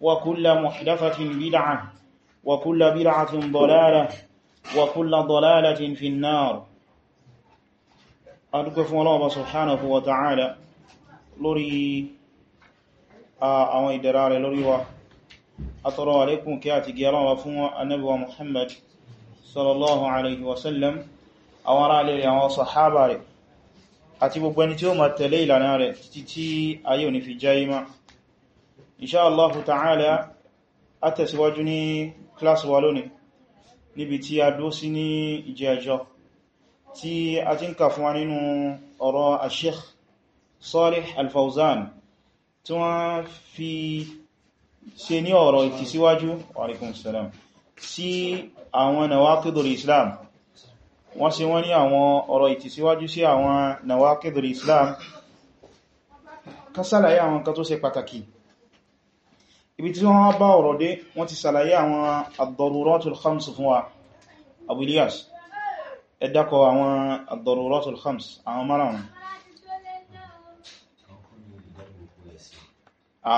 وكل محدثة بدعة وكل بدعة ضلالة وكل ضلالة في النار أدوكف الله سبحانه وتعالى lórí àwọn ìdẹ̀ra rẹ̀ lórí wa àtọrọ àlékún kí a ti gẹ́ ọlọ́wà fún ànábì wa Muhammad sallallahu alaihi wasallam àwọn ará lè àwọn sahaba rẹ̀ àti gbogbo ẹni tí ó ma tẹ̀lé ìlànà rẹ̀ títí ayé ò ní fi jẹ́ ìmá insha Allah ta'ala a tẹ̀síwájú ní kílásì wa lónìí níbi tí a dó sí ní ìjẹ́ẹjọ́ tí a ti ń kà fún wa nínú ọ̀rọ̀ Sheikh Salih Al-Fawzan tí wọ́n fi ṣe ní ọ̀rọ̀ ìtìsíwájú wa alaikum salam sí àwọn nawaqidul Islam wọ́n ṣe wọ́n ní àwọn ọ̀rọ̀ ìtìsíwájú sí àwọn nawaqidul Islam kásàlàyé àwọn kan tó ṣe pàtàkì ibi tí wọ́n bá ọ̀rọ̀ dé wọ́n ti sàlàyé àwọn ad-daruratul khams fún wa Abu Ilyas ẹ dákọ̀ àwọn ad-daruratul khams àwọn márùn-ún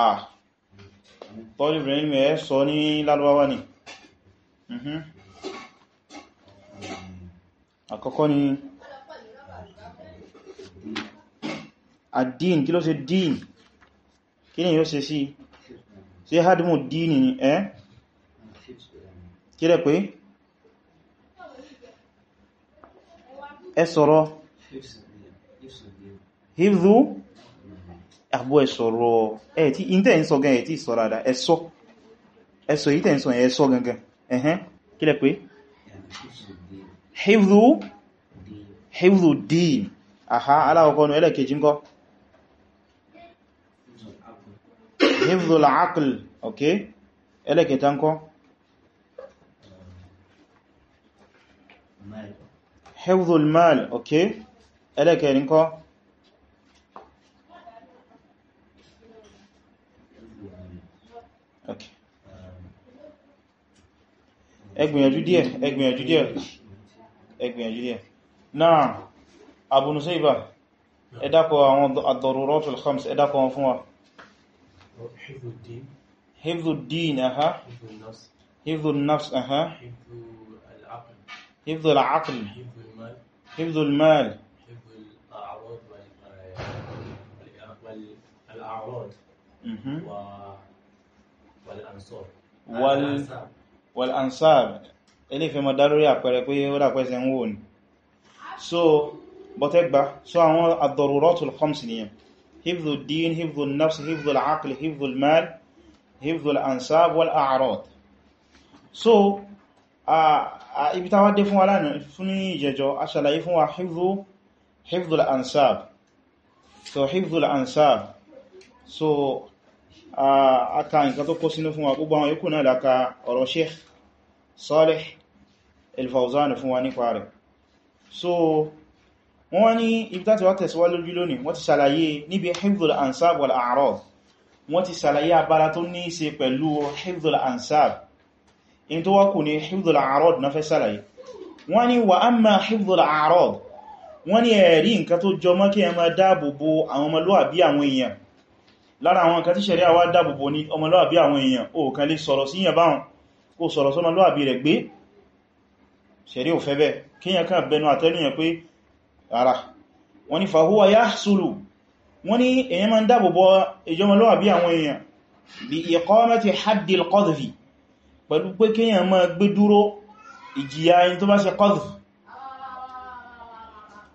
ah tọ́lù ìbìnrin mẹ́ sọ ní lárúbáwá ni mhm. àkọ́kọ́ ni ad kí ló ṣe din kí ni yóò ṣe sí si? ṣe hadmu dini ni ẹ́ kí rẹ̀ pé ẹ sọ̀rọ̀ hifzu àbú ẹ sọ̀rọ̀ ẹ̀ tí ìntẹ́ ń sọ gan ẹ̀ tí sọ̀rọ̀ àdá ẹ sọ ìtẹ́ ń dini hifdhul aql ok ẹlẹ́kẹta ń kọ́ hifdhul mal ok ẹlẹ́kẹrin kọ́ ok ẹgbìyànjú díẹ̀ ẹgbìyànjú díẹ̀ ẹgbìyànjú díẹ̀ náà Abu Nusayba ẹ̀dàpọ̀ àwọn ad-daruratul khams ẹ̀dàpọ̀ wọn fún wa حفظ الدين حفظ الدين أها حفظ النفس حفظ النفس أها حفظ العقل حفظ العقل حفظ المال حفظ المال حفظ الأعراض والأعراض والأنصار وال والأنصاب ele في مداري dáró yà pẹ̀rẹ̀ pé ó dàpẹ́sẹ̀ ń wò ní so bọ́tẹ́gbà so àwọn ad-daruratul khams حفظ الدين حفظ النفس حفظ العقل حفظ المال حفظ الأنساب والأعراض so ibi ta wá dé fún wa lánàá fún ní ìjẹjọ a ṣàlàyé fún wa hifzu hifzu al-ansab so hifzu al-ansab so a ka nǹkan tó kó sínú fún wa gbogbo àwọn yòókù náà láka ọ̀rọ̀ sheikh Salih al-Fawzan fún wa nípa rẹ̀ so wọ́n wá ní ibítàtí wá tẹ̀síwá lójú lónìí wọ́n ti ṣàlàyé níbi hifdhul ansab wal a'rad wọ́n ti ṣàlàyé abára tó ní ṣe pẹ̀lú hifdhul ansab in tó wá kù ní hifdhul a'rad na fẹ́ ṣàlàyé wọ́n ní wa amma hifdhul a'rad wọ́n ní ẹ̀rí nǹkan tó jọ mọ́ kí ẹ máa dáàbòbò àwọn ọmọlúwàbí àwọn èèyàn lára àwọn nǹkan tí rárá wọ́n ní fàhúwa yahsulu wọ́n ní èyàn ma ń dábòbọ́ ìjọmọlọ́wà bí àwọn èèyàn bí iqamati haddil qadhfi pẹ̀lú pé kíyàn ma gbé dúró ìjìyà ẹni tó bá ṣe qadhf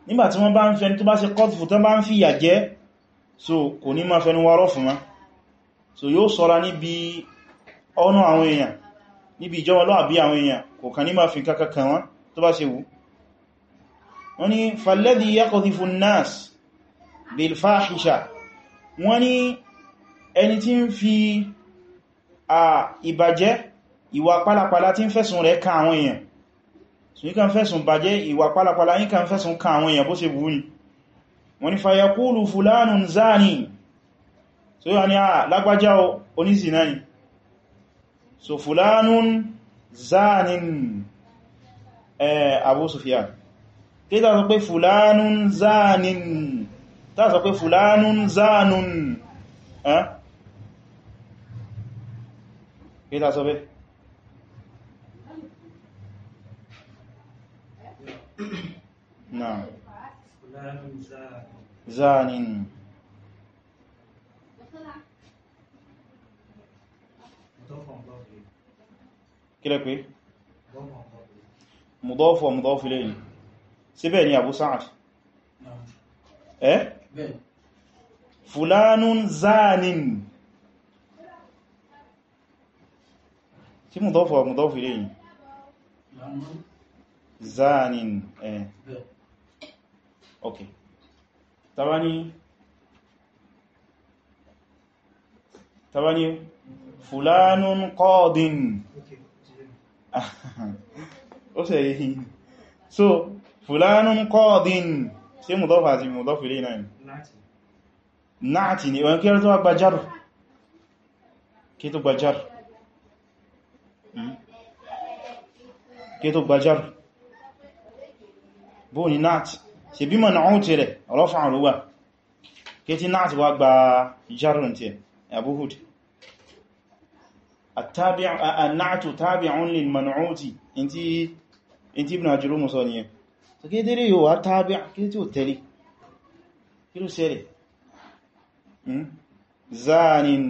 nígbàtí wọ́n bá ń fẹ́ni tó bá ṣe qadhf tó bá ń fi yà jẹ́ so kò ní ma fẹ́ni warọ́ fún ma so yóò sọ́ra níbi ọ̀nà àwọn èèyàn níbi ìjọmọlọ́wà bí àwọn èèyàn kò kàn ní ma fi kankan kan wọ́n tó bá ṣe wù wọ́n ni falladhi yaqdhifu an-nas bil fahisha wọ́n ni ẹni tí ń fi à ìbàjẹ́ ìwà pálapàla tí ń fẹ̀sùn rẹ̀ kan àwọn èèyàn so yíkan fẹ̀sùn bàjẹ́ ìwà pálapàla yíkan fẹ̀sùn kan àwọn èèyàn bó ṣe bú ni wọ́n ni fayaqulu fulanun zani so so kí tàà sọ pé fulanun zanin tàà sọ pé fulanun zanun ẹ́ kí tàà sọ pé náà zanin kí pé mudọ́fọ̀ mudọ́fọ̀ lẹ́yìn síbẹ̀ ni Abu Sa'ad eh fulanun zanin tí mú dọ́fọ̀ mú dọ́fọ̀ ilé yìí zanin eh ok tabani tabani fulanun qadin ó sẹ̀yẹ̀ so fulanun qadin ṣe mudaf àti mudaf ilé náà naatị náàtì ni wọ́n kíyar tó wà gbajar kí tó gbajar kí tó gbajar bó ni náàtì ṣe bí náà ti rẹ̀ rọ́fà àrúwà kí tí náàtì wà gba jarun ti Abu Hud التابع النعت تابع للمنعوت انت انت so kí dérí yóò wá tábí kí tí ó tẹ̀lé kí ló ṣẹlẹ̀ hmm? zanin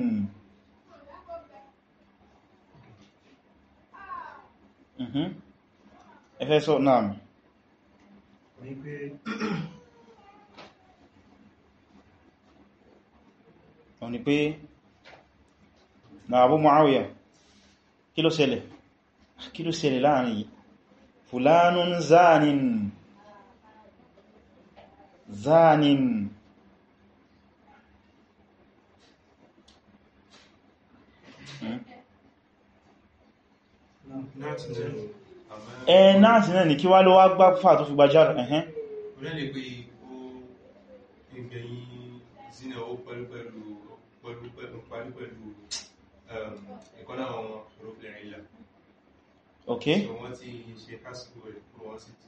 mhm. ẹfẹ́ sọ náà mi wípé wọ́n ni pé na Abu Muawiya kí ló ṣẹlẹ̀ kí ló ṣẹlẹ̀ láàrin yìí fulanun zanin Zanin, ذان eh, ẹ náàtì náà ní kí wá ló wá gbá fà tó fi gbá jára ẹ̀hẹ́n um, ok so wọ́n ti ṣe kásìkò rẹ̀ wọ́n sì ti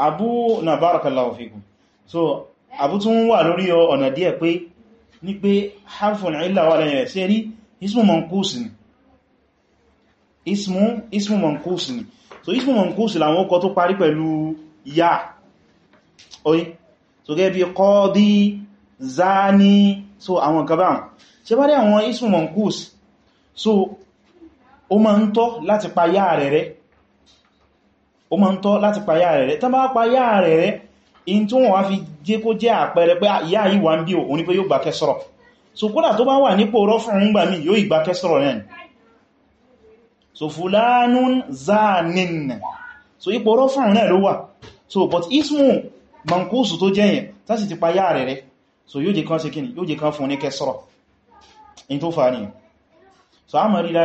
abu na barakallahu fikum so abu tún wà lórí ọ̀nà díẹ̀ pé ní pé harfun illa wà lẹ́yìn rẹ̀ sí rí ismu manqus ni ismu ismu manqus ni so ismu manqus làwọn ọkọ̀ tó parí pẹ̀lú ya oye so gẹ́ bí qadi zani so àwọn gabam ṣe bá rí àwọn ismu manqus so ó ma ń tọ́ láti pa ya rẹ̀ rẹ̀ ó ma ń tọ́ láti pa yáà rẹ̀ rẹ̀ tán bá pa yáà rẹ̀ rẹ̀ in tí wọ́n wá fi jẹ́ kó jẹ́ àpẹẹrẹ pé ah, ìyá yìí wà ń bí òun ni pé yóò gbà kẹsọ̀rọ̀ so kódà tó bá wà nípò rọ́fún so fulanun zanin so ipò rọ́fún náà ló wà so but ismu mankusu tó jẹ́ yẹn tá sì ti pa yáà rẹ̀ rẹ̀ so yóò jẹ́ kan ṣe in a mọ̀ rí wa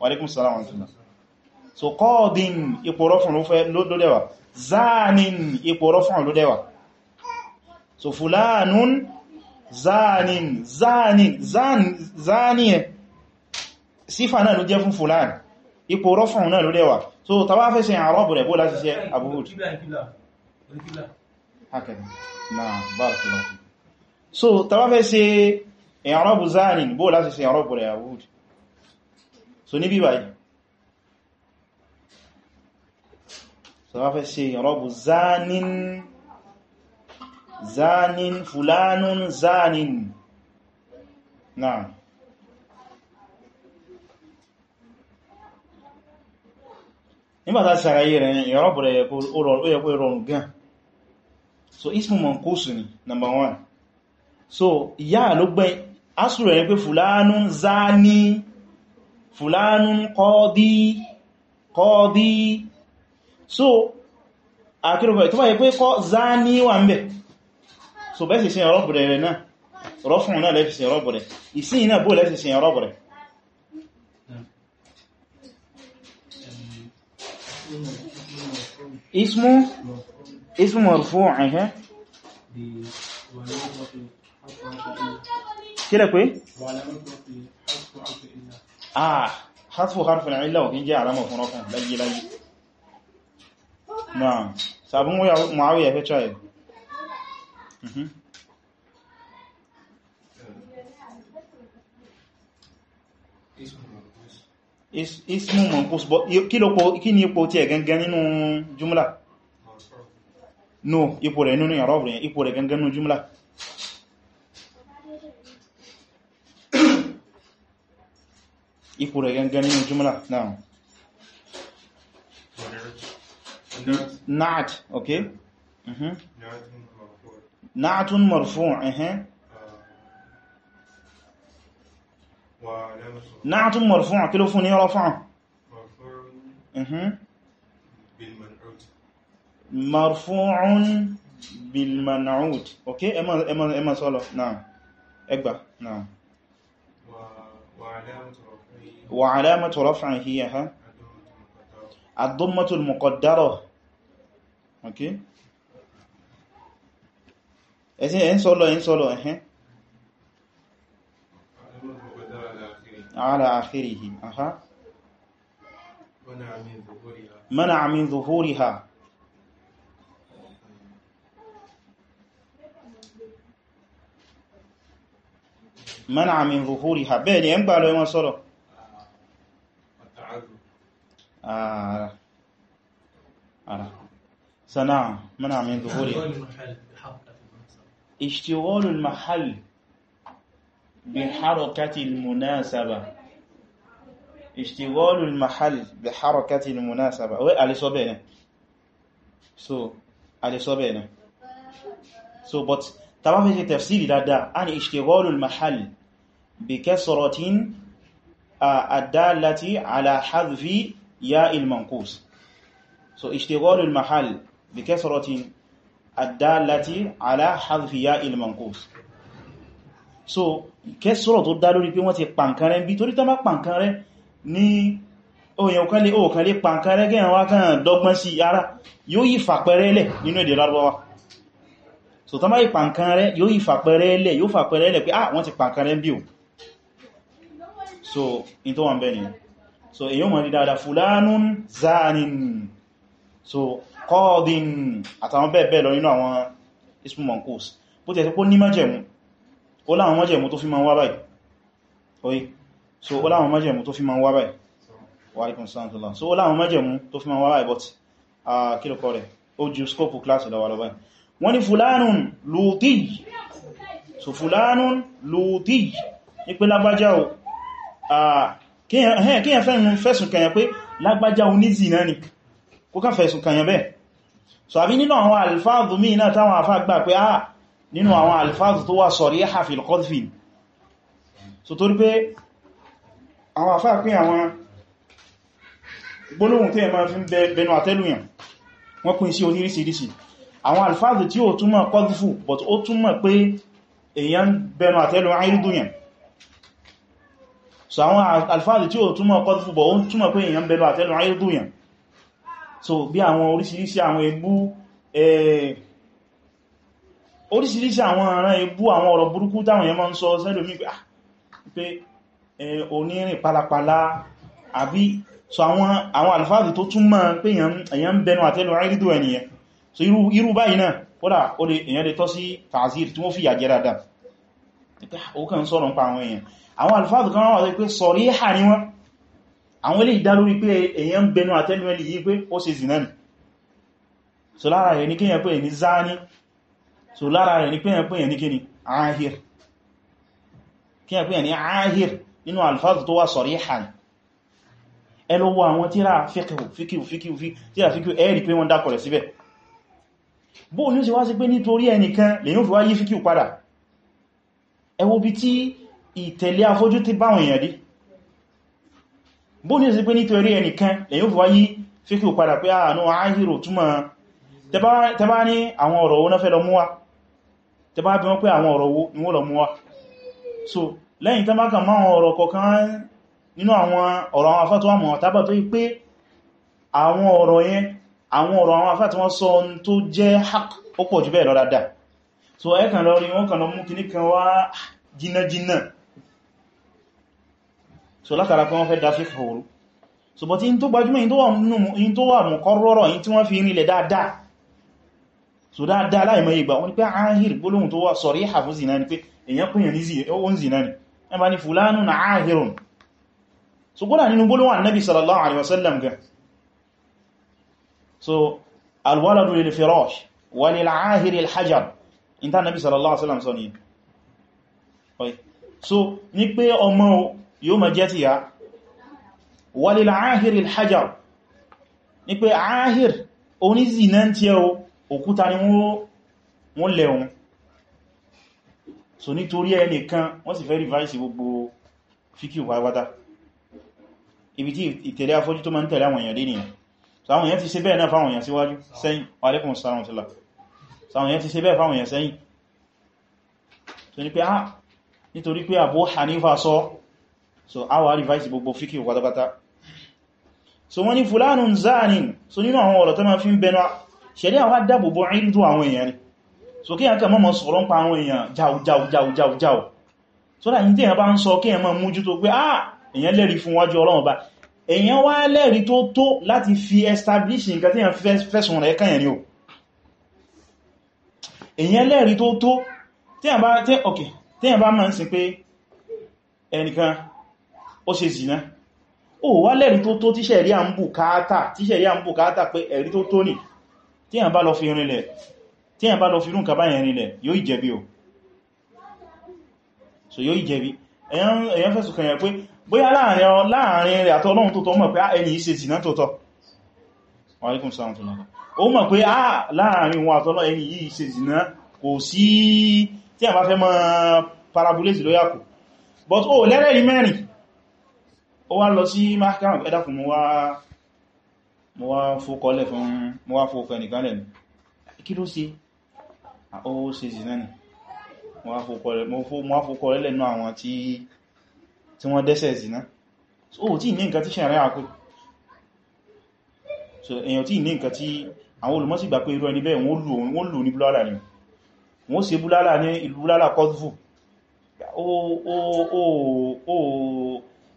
alaikum salam wa rahmatullah so kọ́ọ̀dín ipò rọ́fún ló dẹ́wà záànín ipò rọ́fún ló dẹ́wà so fulanun záànín záànín záàníẹ̀ sífà náà ló jẹ́ fún fulan ipò rọ́fún náà ló dẹ́wà so tàbá fẹ́ ṣe àrọ́bù rẹ̀ bó láti ṣe abúhùd so tàbá fẹ́ ṣe àrọ́bù záànín bó láti ṣe àrọ́bù rẹ̀ abúhùd so ní bíbáyìí sọ́wọ́ fẹ́ ṣe ìrọ́bù zanin zanin fulanun zanin náà nígbàtà ṣàrayé rẹ̀ ìrọ́bù rẹ̀ ó yẹ kó rọrùn gan so ismu mankusu ni number one so ìyá ló gbẹ́ asù rẹ̀ pé fulanun fulanụ fulanun kọ́dí so àkírùkọ̀ ìtọ́bá yẹ pé kọ́ zá ní wà ń bẹ̀ so bẹ́ẹ̀ sì sin ọ̀rọ̀bù rẹ̀ náà rọ́fún náà lẹ́fì sin ọ̀rọ̀bù rẹ̀ ìsìn náà bó lẹ́fì sin ọ̀rọ̀bù rẹ̀ ismu ismu marfu ẹ̀hẹ́ kílẹ̀ pé ah hatfu harfin illa òkín jẹ́ àrámọ̀ fún ọkùn láyé láyé Naam. Sabun Muawiya fẹ́ try. Mhm. Ismu manqus bọ̀ kí ni ipò tí ẹ̀ gangan nínú jùmlá? No, ipò rẹ̀ nínú ìyàrọ̀ rẹ̀ ipò rẹ̀ gangan nínú jùmlá. Ipò rẹ̀ gangan nínú jùmlá. Naam. نعت اوكي اها نعت مرفوع اها آه. نعت مرفوع كله فون يرفعه مرفوع اها بالمنعوت مرفوع بالمنعوت اوكي اما اما اما صلاه نعم اكبر نعم وعلامه رفعه هي ها الضمه المقدره okay ẹ̀sìn ẹ̀ ń sọ́lọ ẹ̀ ń sọ́lọ ẹ̀hẹ́ ala akhirihi aha mana min zuhuriha mana min zuhuriha bẹ́ẹ̀ ni ẹ̀ ń gbà lọ ẹ̀wọ̀n sọ́lọ ara ara صنع منع من ظهوره اشتغال المحل بحركة المناسبة اشتغال المحل بحركة المناسبة وي علي سو بينا so علي سو بينا so but طبعا في تفسيري دادا عن اشتغال المحل بكسرة آه، الدالة على حذف ياء المنقوص so اشتغال المحل بكثرة الدالة على حذف المنقوص so kẹsọ́rọ̀ tó dá lórí pé wọ́n ti pàǹkan rẹ̀ bí torí tán bá pàǹkan rẹ̀ ní òyìn òkàlẹ̀ òkàlẹ̀ pàǹkan rẹ̀ gẹ́yàn wá sí ara yóò yí fàpẹrẹ so tán bá yí pàǹkan rẹ̀ yóò yí fàpẹrẹ lẹ̀ yóò fàpẹrẹ so in tó so èyí ó mọ̀ rí dáadáa fulanun zanin so qadin àtàwọn bẹ́ẹ̀ bẹ́ẹ̀ lọ nínú àwọn ismu manqus bó ti ẹ̀ tó pó ní májẹ̀mú ó láwọn májẹ̀mú tó fi ma ń wá báyìí so ó láwọn májẹ̀mú tó fi ma ń wá báyìí so ó láwọn májẹ̀mú tó fi ma ń wá báyìí but kílùkọ rẹ̀ ó ju scope class lọ wà lọ báyìí wọ́n ní fulanun lùtí so fulanun lùtí ní pé lágbájá o kíyàn fẹ́sùn kàyàn pé lágbájá onízì náà ni kó ká fẹ́sùn kàyàn bẹ́ẹ̀ so àbí nínú àwọn alfáàzù míì náà táwọn àfá gbà pé á ah, nínú àwọn alfáàzù tó wà sariha fil qadfi so torí pé àwọn àfá pín àwọn gbólóhùn tí ẹ ma fi ń bẹnu àtẹ́lùyàn wọ́n pín sí onírísìírísì àwọn alfáàzù tí ó túnmọ̀ qadfu but ó túnmọ̀ pé èyàn bẹnu àtẹ́lù so bí àwọn oríṣiríṣi àwọn ebú oríṣiríṣi àwọn ọ̀ràn ebú àwọn ọ̀rọ̀ burúkú táwọn èèyàn máa ń sọ sẹ́lòmí pé ah, onírin pálapàla àbí so àwọn alfáàdì tó tún máa pé èèyàn ń bẹnu àtẹ́lù àìrídò ẹniyẹn so irú báyìí náà kódà èèyàn lè tọ́ sí tàzír tí wọ́n fi yàjẹ́ dáadáa ó kàn sọ̀rọ̀ ń pa àwọn èèyàn àwọn alfáàdì kan wọ́n wà pé sọ̀rí hà ní wọ́n àwọn ilé ìdá lórí pé èyàn ń bẹnu àtẹ́nu ẹni yìí pé ó ṣe zìnà nì so lára rẹ̀ ní kí èyàn pé èyàn ní záání so lára rẹ̀ ní pé èyàn pé èyàn ní kí ni ahir kí èyàn pé èyàn ní ahir nínú alfaz tó wà sarihan ẹ lọ wo àwọn tíra fíkìwò fíkìwò fíkìwò tíra fíkìwò ẹ tí bó ní sí pé nítorí ẹnìkan lẹ́yìn fún wáyí fíkí padà pé àánú ah, àáhìrò túnmọ̀ tẹbá ní àwọn ọ̀rọ̀ owó náà fẹ́ lọ múwá tẹbá bí wọ́n pé àwọn ọ̀rọ̀ owó ni wọ́n lọ múwá so lẹ́yìn tẹ́ máa kàn máa àwọn ọ̀rọ̀ kọ̀kan nínú àwọn ọ̀rọ̀ àwọn afẹ́ tó wọ́n mọ̀ tábà tó yí pé àwọn hak ó pọ̀ so ẹ kàn lọ rí wọ́n kàn lọ mú so látara pé wọ́n fẹ́ dá fífà orú so bọ̀ tí in tó gbajúmọ̀ in tó wà mú kọrọrọ̀ in tí wọ́n fi rí lẹ dáadáa so dáadáa láìmọ̀ ìgbà wọ́n ni pé ahir gbólóhùn tó wà sọ̀rí ìhàfún zina ni pé èyàn kúnyàn ní ohun zina ni ẹba ni fulanu na ahirun so gbọ́nà nínú gbólóhùn annabi sallallahu alaihi wasallam gan ni so ni yóò ma jẹ́ ti ya walil ahir al-hajar ní pé ahir onízìnà tí ẹ òkúta ni wọ́n lẹ́un so nítorí ẹnìkan wọ́n sì fẹ́ rìváìsì gbogbo fíkí wáwátá ibi tí ìtẹ̀lé afọ́jú tó ma ń tẹ̀lé àwọn èèyàn dé nìyàn so àwọn èèyàn nítorí pé Abu Hanifa sọ so awa revise gbogbo fíkì pátápátá so wọ́n ni fulanun so nínú àwọn ọ̀rọ̀ tó ma fi ń bẹnu ṣẹ̀lẹ́ àwọn adábòbò ìrìndú àwọn èèyàn ni so kí àkà mama sọ̀rọ̀ ń pa àwọn èèyàn jau jau jau jau jau so dáyìn tí èèyàn bá ń sọ kí èèyàn máa mójú tó ah èèyàn lẹ́rìí fún wájú Ọlọ́run bá èèyàn wá lẹ́rìí to tó láti fi establish nǹkan tí èèyàn fẹ́sùn rẹ̀ kàn yẹn ni o èèyàn lẹ́rìí tó tó tí èèyàn bá mọ̀ sí pé ẹnìkan ó ṣe zìnà ó wá lẹ́rí tó tó tíṣẹ̀ rí à ń bùkátà tíṣẹ̀ rí à ń bùkátà pé ẹ̀rí tó tó nì tíyàn bá lọ fi rinlẹ̀ tíyàn bá lọ fi rún kàbá yẹn rinlẹ̀ yóò ìjẹ̀bi o so yóò ìjẹ̀bi èyàn fẹ́sùn kan yẹn pé bóyá láàrin rẹ̀ àtọ́ ọlọ́run tó tọ́ mọ̀ pé ẹni ìṣe zìnà tó tọ́ wa alaikum salam tó lọ́tọ́ ó mọ̀ pé ah, á ah, láàrin wọn àtọ́lọ́ ẹni yìí ṣe zìnà kò sí tí a bá fẹ́ mọ́ parabolese lóyàkù but o lẹ́rẹ̀ rí ó wá lọ sí mahkama ẹ̀dàkùn mo wá fókọlẹ̀ fún mo wá fókọ ẹnìkanlẹ̀ kí ló ṣe ó ṣe zina ni mo wá fókọlẹ̀ lẹ́nu àwọn tí wọ́n dẹ́ṣẹ̀ zina so o tí ní nǹkan tí ṣẹ̀rẹ̀ àkó so èyàn tí ní nǹkan tí àwọn olùmọ́sí gbà pé irú ẹni bẹ́ẹ̀ wọ́n lù ní búlálà ni wọ́n ṣe búlálà ní ìlú búlálà kọ́dùfù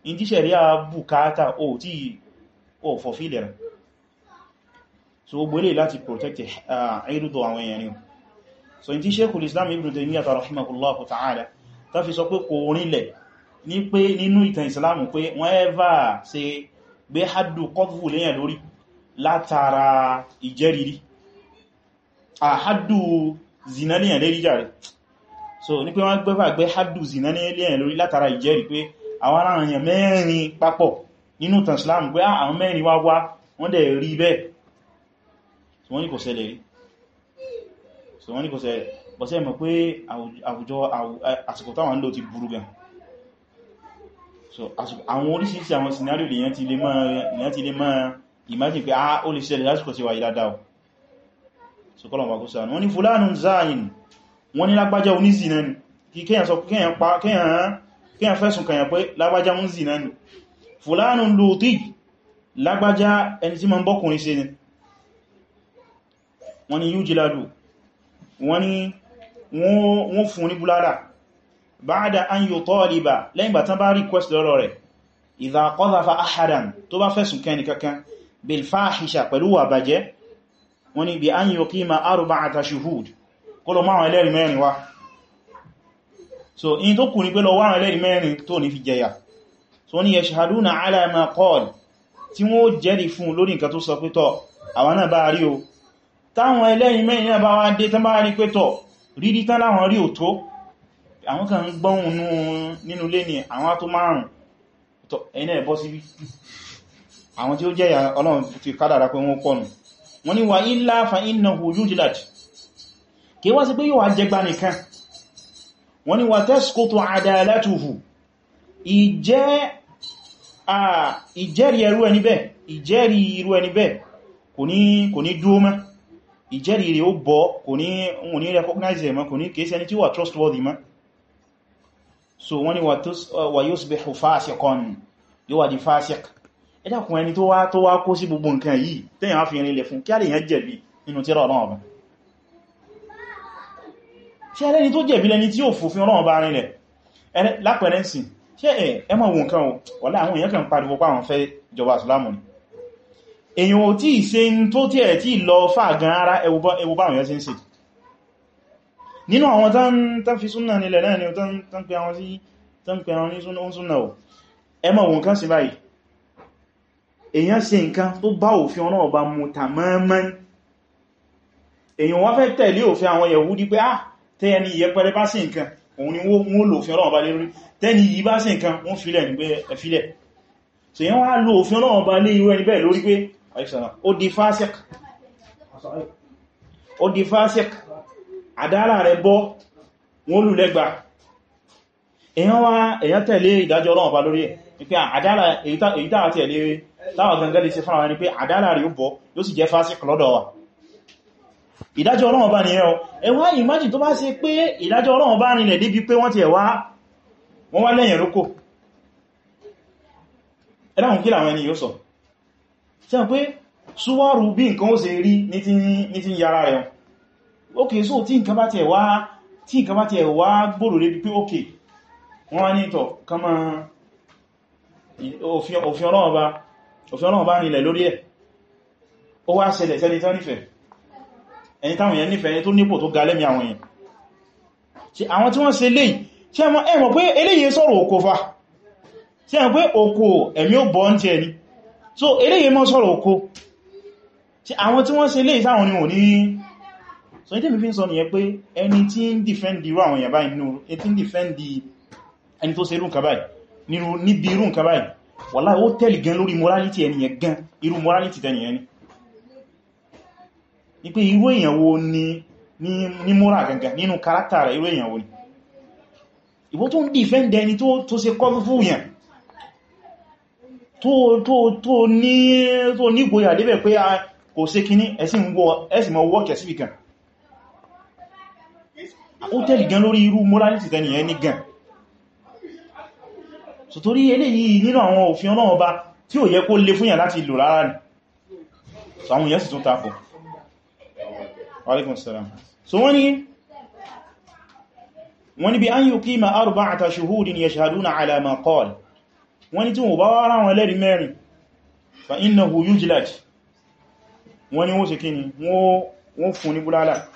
in ti ṣẹ̀rí àbùkátà o tí o fọ̀fílẹ̀ rẹ̀ so o gbélé láti protect àìrùdọ uh, àwọn èèyàn ni so in ti Sheikhul Islam Ibn Taymiyyah rahimahullahu ta'ala ta fi sọ pé kò rinlẹ̀ ní pé nínú ìtàn ìsìlámù pé wọ́n ẹ́và ṣe gbé haddu qadhfu léyàn lórí látara ìjẹ́rìrí àhádù zina léyàn lérí jàre so ní pé wọ́n gbẹ́fà gbé haddu zina léyàn lórí látara ìjẹ́rìí pé àwọn aráàyàn mẹ́rin papọ̀ nínú tàn Islam pé ah, àwọn mẹ́rin wá wá wọ́n dẹ̀ rí bẹ́ẹ̀ so wọ́n ní kò ṣẹlẹ̀ rí so wọ́n ní kò ṣẹlẹ̀ bọ́sẹ̀ mọ̀ pé àwùjọ àsìkò táwọn lò ti burú gan so àwọn oríṣiríṣi àwọn scenario lèyàn ti lè máa imagine pé ah ó lè ṣẹlẹ̀ so kọ́lọ̀ wà kó sáà wọ́n ní fulanun zayin wọ́n ní lágbájá onísìnà ni kí a fẹ́sùn kàyà pé lágbàjá mú zì náà ni fulanu lòtí lágbàjá ẹni tí ma ń bọ́kùnrin ṣe ni wọ́n ni yíò jìládù wọ́n ni wọ́n fún ní búlára ba'da an yutaliba lẹ́yìn bàtán bá request lọ́rọ̀ rẹ̀ idha qadhafa ahadan tó bá fẹ́sùn kẹni kankan bil fahisha pẹ̀lú wà so in tó kù ní pé lọ wá ẹlẹ́rìí mẹ́rin tó fi jẹyà so ní yashhaduna ala ma qala tí wọ́n jẹ́rìí fún lórí nǹkan tó sọ pé tọ́ àwọn náà bá rí o táwọn ẹlẹ́rìí mẹ́rin náà bá wá dé tán bá rí pé tọ́ rírí tán láwọn rí òtó àwọn kan gbọ́hùn nínú lé ní àwọn tó márùn tọ́ ẹ̀nà ẹ̀bọ́ sí àwọn tí ó jẹ́yà ọlọ́run ti kádàrá pé wọ́n pọ̀nù wọ́n ní wa illa fa innahu yujlad kí wá sí pé yóò wá jẹgba nìkan wọ́n ni wàtẹ́sìkòtò àdáyàlátùhù ìjẹ́rì ẹrú ẹni bẹ́ ìjẹ́rì irú ẹni bẹ́ kò ní dúó mẹ́ ìjẹ́rì rẹ̀ ó bọ́ kò ní wọ́n ní recognize ẹ̀mọ́ kò ní kéèsì ẹni tí wà trustworthy mọ́ so wọ́n ni wà yóò síbẹ̀ fásẹ̀kọ́n yóò wà di fásẹ̀k ẹ̀dàkùn ẹni tó wá kó sí gbogbo nǹkan yìí tẹ́yàn á fi rinlẹ̀ fún ṣe ẹlẹ́ni tó jẹ̀bi lẹni tí ó fòfin Ọlọ́run bá rinlẹ̀ lápẹẹrẹ sí ṣe ẹ mọ̀ wọn kan wọ́lá àwọn èèyàn kan pariwo pa àwọn fẹ́ ìjọba ìsìlámù ni èyàn ò tí ìse tó tí ẹ̀ tí lọ fàgán ara ẹwọ sí ni tán pè àwọn ní súnnà ò ẹ mọ̀ wọn kan sí báyìí èyàn ṣe nǹkan tó bá òfin Ọlọ́run bá mu tàmọ́mọ́ èyàn wá fẹ́ tẹ̀lé òfin àwọn Yẹ̀húdí pé ah tẹ́ni ìyẹpẹrẹ bá sí nǹkan òun ni wọ́n lò òfin ọlọ́wọ́ bá lé rí tẹ́ni yìí bá sí nǹkan wọ́n filẹ̀ ní pé ẹ̀filẹ̀ so yẹn wá lò òfin ọlọ́wọ́ bá lé irú ẹni bẹ́ẹ̀ lórí pé ó di fásik ó di fásik àdára rẹ̀ bọ́ wọ́n lù lẹ́gba èyàn wá èyàn tẹ̀lé ìdájọ́ ọlọ́wọ́ bá lórí ẹ̀ ni pé àdára èyí táwà tẹ̀lé táwà gangan lè ṣe fún àwọn ẹni pé àdára rẹ̀ ó bọ́ yóò sì jẹ́ fásik lọ́dọ̀ wa ìdájọ́ ọlọ́run bá ní ẹ́ ẹwà ìmájì tó bá ṣe pé ìdájọ́ ọlọ́run bá ní lẹ̀dí bí pé wọ́n ti ẹ̀wà wọ́n wá lẹ́yìn lókò ẹ̀dáhùn kí làwọn ẹni yóò sọ ṣe pé súwárù bí nǹkan ó ṣe rí ní ti yára rẹ̀ ókè so tí nǹkan bá ti ẹ̀wà tí nǹkan bá ti ẹ̀wà gbòrò lé bí pé ókè wọ́n wá ní ìtọ̀ kama òfin ọlọ́run bá ní lẹ̀ lórí ẹ̀ ó wá ṣẹlẹ̀ sẹ́ni tán ẹni táwọn èèyàn nífẹ̀ẹ́ ẹni tó nípò tó ga lẹ́mí àwọn èèyàn ṣe àwọn tí wọ́n ṣe léyìí ṣe mọ́ ẹ̀mọ̀ pé eléyìí sọ̀rọ̀ òkò fa ṣe mọ́ pé òkò ẹ̀mí ò bọ́ ń tẹ́ ẹni so eléyìí mọ́ sọ̀rọ̀ òkò ṣe àwọn tí wọ́n ṣe léyìí sáwọn ni wọ́n ní so ní tẹ́mi fi ń sọ nìyẹn pé ẹni tí ń dìfẹ́ndì irú àwọn èèyàn báyìí nínú ẹni tí ń dìfẹ́ndì ẹni tó ṣe irú nǹkan báyìí nínú níbi irú nǹkan báyìí wàláhì ó tẹ́lì gan lórí morality ẹniyẹn gan irú morality tẹ́niyẹn ni wípé irú èyàn wo ni ní múra gangan nínú karakta rẹ̀ irú èyàn wo ni ìwọ tó ń dìfẹ́ndẹ̀ ẹni tó ṣe kọ́ fún yẹn tó ní ìgboyà débẹ̀ pé ah, kò ṣe kíní ẹ̀sìn mọ́ wọ́kẹ̀ sí ìkan ó tẹ́lì gan lórí irú morality tẹ́ni ẹ ní gan so torí eléyìí nínú àwọn òfin Ọlọ́run ọba tí ò yẹ kó lè fún yẹn láti lò rárá ni so àwọn yẹn sì tún tako alaikum salam so wọ́n ni wọ́n ni bí an yuqima arba'ata shuhudin yashhaduna ala ma qala wọ́n ni tí wọ́n bá wá ra wọn lẹ́rìí mẹ́rin fa innahu yujlad wọ́n ni wọ́n ṣe kíni wọ́n fún ní búlálà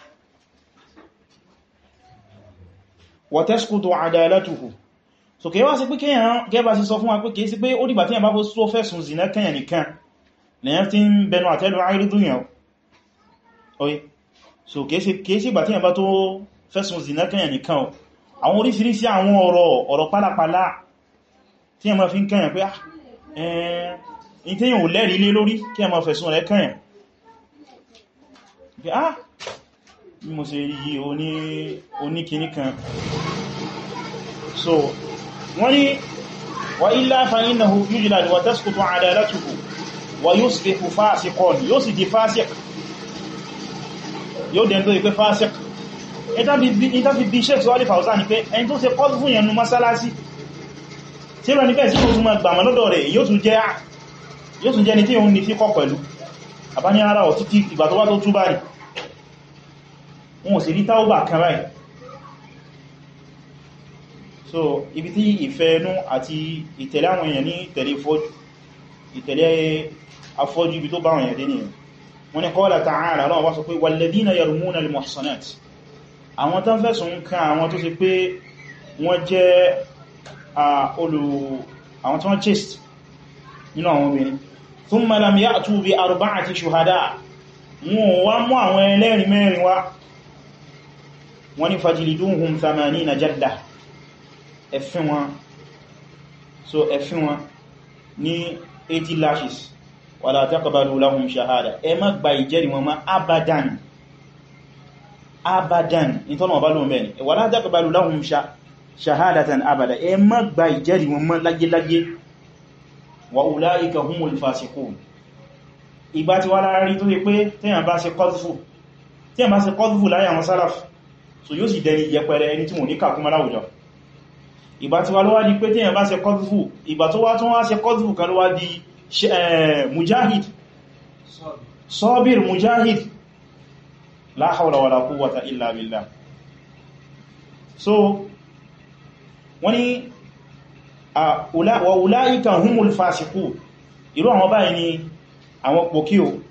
wa tasqutu adalatuhu so kẹ́ wá sí pé kíyàn gẹ́bà sí sọ fún wa pé kìí sí pé ó dìgbà tí yàn bá fó sọ fẹ́sùn zina kẹ́yàn nìkan lẹ́yàn tí ń bẹnu àtẹ́lù àìrídú yàn so kèése ìgbà tí yàn bá tó fẹ́sùn zina kẹyàn nìkan o àwọn oríṣiríṣi àwọn ọ̀rọ̀ ọ̀rọ̀ pálapàla tí yàn máa fi ń kẹyàn pé ẹ̀ẹ́n ah, eh, tí yàn ò lẹ́rìí lé lórí kí yàn máa fẹ̀sùn rẹ̀ kẹyàn pé ah bí mo ṣe yí oníkiní kan so wọ́n ni wa illa fa innahu yujlad wa tasqutu adalatuhu wa yusbihu fasiqan yóò sì di fásíkì yóò dẹ̀ tó ìpé fásik ìtàfi bí iṣẹ́ tí wá lè fàúzá ní pé ẹni tó ṣe pọ́sù fún ìyẹnu mọ́sálásí tí ó rẹ̀ nífẹ́ sí ogun agbàmọ́ lọ́dọ̀ rẹ̀ yóò tún jẹ́ ní tí òun ní tí kọ́ pẹ̀lú àbáni ara ọ̀ títí ìgbà tó wá tó túbá rí wọn ò sì rí táúbà kan ráì so ibi tí ìfẹ́ ẹnu àti ìtẹ̀lé àwọn èèyàn afọ́jú ibi tó bá àwọn èèyàn dé nìyàn wọ́n ni qala ta'ala lọ́wọ́ sọ pé walladhina yarmuna al-muhsanat àwọn tán fẹ́sùn kan àwọn tó sì pé wọ́n jẹ́ olù àwọn tó wọ́n chist nínú àwọn obìnrin thumma lam ya'tu bi arba'ati shuhada wọn wá wọ́n ni 80 lashes wala taqbalu lahum shahada ẹ má gba ìjẹ́rìí wọn má abadan abadan nítorí wọn bá lóun bẹ́ẹ̀ ni wala taqbalu lahum shahadatan abada ẹ má gba ìjẹ́rìí wọn má láyéláyé wa ulaika humul fasiqun ìgbà tí wá lára rí tó yẹ pé téèyàn bá ṣe kọ́dùfù téèyàn bá ṣe kọ́dùfù láyé àwọn sálàfù so yóò tí wọ́n bá ṣe kọ́dùfù ìgbà tó wá tó wá ṣe kọ́dùfù kan ló di Eh, mujahid sabir mujahid la hawla wala quwwata illa billah so wani wa ulaika humul fasiqun irú àwọn báyìí ni àwọn pòkí o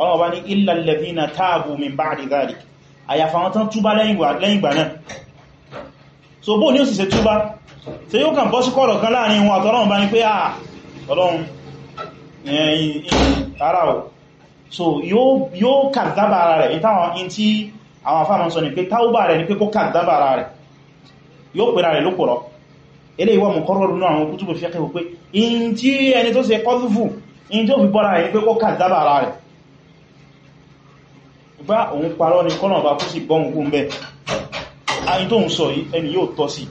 ọlọ́wọ́ bá ní illa alladhina tabu min ba'di dhalik àyàfà wọn tán túbá lẹ́yìn ìgbà náà so bó ní ó sì ṣe túbá ṣé yóò kàn bọ́ sí kọ́rọ̀ kan láàrin wọn àtọ́lọ́wọ́n bá ní pé à ah, ọlọ́run ara ọ̀ so yóò kàdábà ara rẹ̀ ìtàwọn in tí àwọn afáàmọ́ sọ ni pé táúbà rẹ̀ ni pé kó kàdábà ara rẹ̀ yóò pèrà rẹ̀ lópòrọ̀ ilé ìwọ̀ mọ̀kọ́rọ̀rún náà àwọn kútùbù fẹ́ kẹ́kọ̀ pé in tí ẹni tó ṣe kọ́fífù in tí ó fi bọ́ra rẹ̀ ni pé kó kàdábà ara rẹ̀ bá òun parọ́ ni kọ́nà bá kú sí bọ́ǹgún bẹ́ ayin tó ń sọ ẹni yóò tọ́ sí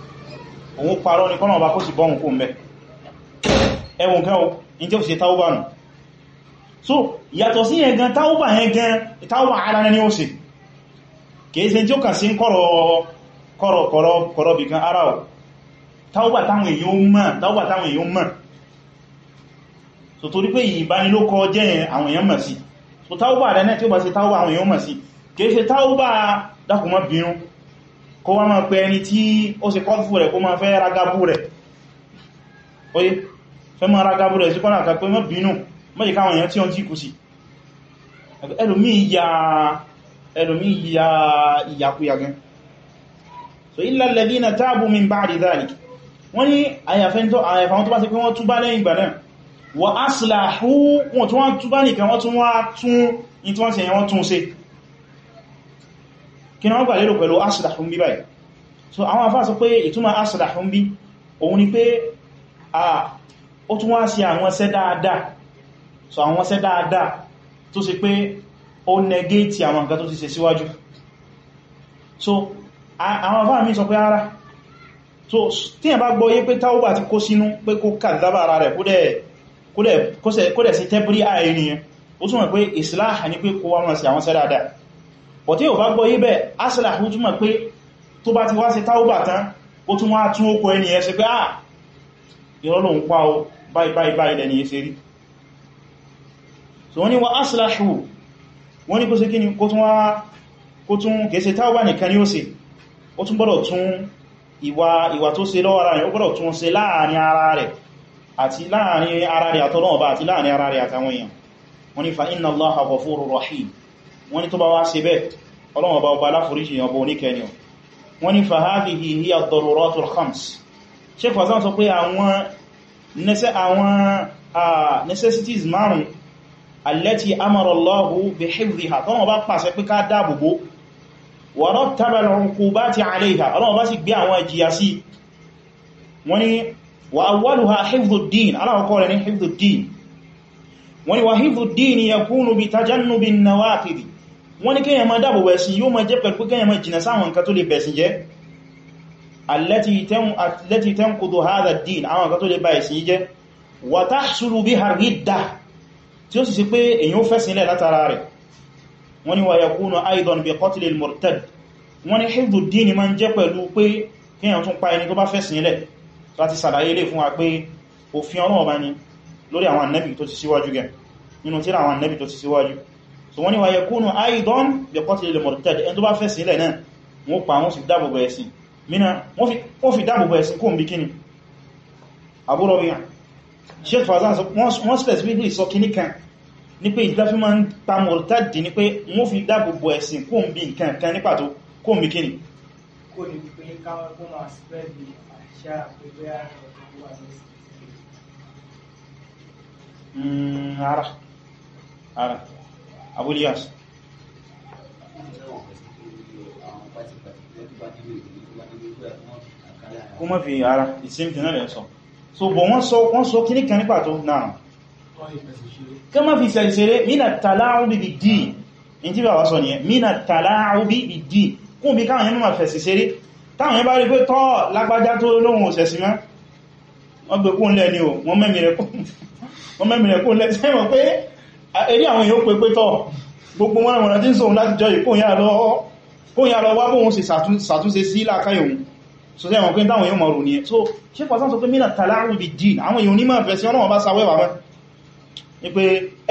òun parọ́ ni in tí o ṣe taubá so yàtọ̀ si yẹn gan taubá yẹn gan taubá ara ní ó ṣe kìí ṣe tí ó kàn sí kọ̀rọ̀ bìkan ara ọ̀ taubá táwọn èèyàn mọ̀ so torí so taubá rẹ̀ náà tí ó bá ṣe taubá àwọn èèyàn mọ̀ sí kìí ṣe taubá dákùnmọ́ bínú kó wá máa pẹ oye fẹ́ mọ́ ara gábúrẹ̀ sí kọ́nà àkàpẹ́ mọ́ bínú mọ́ ìká àwọn èèyàn tí ó ń tí kú sí ẹlòmí ìyà ìyàkúyà gan so illa alladhina tabu min ba'di dhalik wọ́n ní àyàfẹ́ tó bá ṣe pé wọ́n túbá lẹ́yìn wa aslahu wọ́n tó wọ́n túbá nìkan wọ́n tún wá tún ní tí wọ́n ṣe yẹn wọ́n tún ṣe kí ni so àwọn afá sọ pé ìtumọ̀ aslahu bí òun ó tún wá ṣe àwọn ṣẹ́ dáadáa so àwọn ṣẹ́ dáadáa tó ṣe pé ó negate àwọn nǹkan tó ti ṣe síwájú so àwọn afáà mi sọ pé ara so tí ẹ̀ bá gbọ́ yé pé táwọ́bà ti kó sínú pé kó kàdábà ara rẹ̀ kó dẹ̀ sí tẹ́bírí àìrìyàn ó túnmọ̀ pé islah ní pé kó wá wọn sí àwọn ṣẹ́ dáadáa bọ̀ tí ò bá gbọ́ yé ti wá sí táwọ́bà tán ó tún wá tún ó kọ ah ìrọ́lọ́un pa o báyìí báyìí báyìí lẹ́ni yìí ṣe rí so wọ́n ni wa aslahu wọ́n ni kó ṣe kíni kó tún wá kó tún kèése táwà nìkan ni ó ṣe ó tún gbọ́dọ̀ tún ìwà ìwà tó ṣe lọ́wọ́ ara rẹ̀ ó gbọ́dọ̀ tún ṣe láàrin ara rẹ̀ àti láàrin ara rẹ̀ àtọ́lọ́ọ̀bá àti láàrin ara rẹ̀ àtàwọn èèyàn wọ́n ni fa inna Allaha ghafurur rahim wọ́n ni tó bá wá ṣe bẹ́ẹ̀ ọlọ́wọ́ bá ọba aláforíṣì ọba oníkẹni wọ́n ni fa hadhihi hiya ad-daruratul khams sọ pé àwọn àwọn necessities márùn allati amara Allahu bi hifdhiha tó wọ́n bá pàṣẹ pé ká dáàbòbò wa rattaba al-uqubati alayha ọlọ́wọ́ bá sì gbé àwọn ìjìyà sí wọ́n ni wa awwaluha hifdhu ad-din aláwọ̀kọ́ rẹ̀ ní hifdhu ad-din wọ́n ni wa hifdhu ad-din yakunu bi tajannubi an-nawaqid wọ́n التي تنقض هذا الدين àwọn kan tó lè ba ẹ̀sìn jẹ́ وتحصل بها الردة tí ó sì sí pé èyàn ó fẹ́sìn lẹ̀ látara rẹ̀ wọ́n ni ويكون أيضا بقتل المرتد wọ́n ni حفظ الدين ma ń jẹ́ pẹ̀lú pé kí èyàn tún pa ẹni tó bá fẹ́sìn lẹ̀ láti sàlàyé lè fún wa pé òfin Ọlọ́run bá ní lórí àwọn بقتل المرتد ẹni tó bá fẹ́sìn lẹ̀ náà wọ́n pa mina wọ́n fi dáàbòbò ẹ̀sìn kó ń bí kíni Abu Rabi'a Sheikh Fawzan wọ́n specifically sọ kíní kan ní pé ìdáfí ma ń pa mọ̀lítàdì ní pé wọ́n fi dáàbòbò ẹ̀sìn kó ń bí nǹkan kan ní pàtó kó ń bí kíni ara ara Abu Ilyas Thank you kó mọ́ fi ara ìsinmi náà rẹ̀ sọ so bọ̀ wọ́n sọ wọ́n sọ kí ní kan ní pàtó náà kí mọ́ fi sẹ̀sẹ̀rẹ̀ mínà tàláàrùbí bí dì in tí bàbá sọ nìyẹn mínà tàláàrùbí bí dì kún bí káwọn yẹn mọ́ fẹ̀sì sẹ́rẹ̀ táwọn yẹn bá rí pé tọ́ lágbájá tó lóhun òsẹ̀sì mọ́ wọ́n gbé kún lẹ́ ni o wọ́n mẹ́mìrẹ̀ kún lẹ́ sẹ́wọ̀n pé eré àwọn èèyàn pé pé tọ́ gbogbo wọn àwọn ọ̀nà tí ń sóhun láti jọ ìkóhun yà lọ́ọ́ kó yà lọ wá bóhun sì sàtúnṣe sí láàkáyà òun so sẹ́ wọn pé dáwọn yóò mọ̀rún ní ẹ so ṣe pàtàkì sọ pé mínà tàlárù bí dìn àwọn èèyàn ní máa fẹ́ sí ọlọ́wọ́n bá sáwẹ́wà mẹ́ ni pé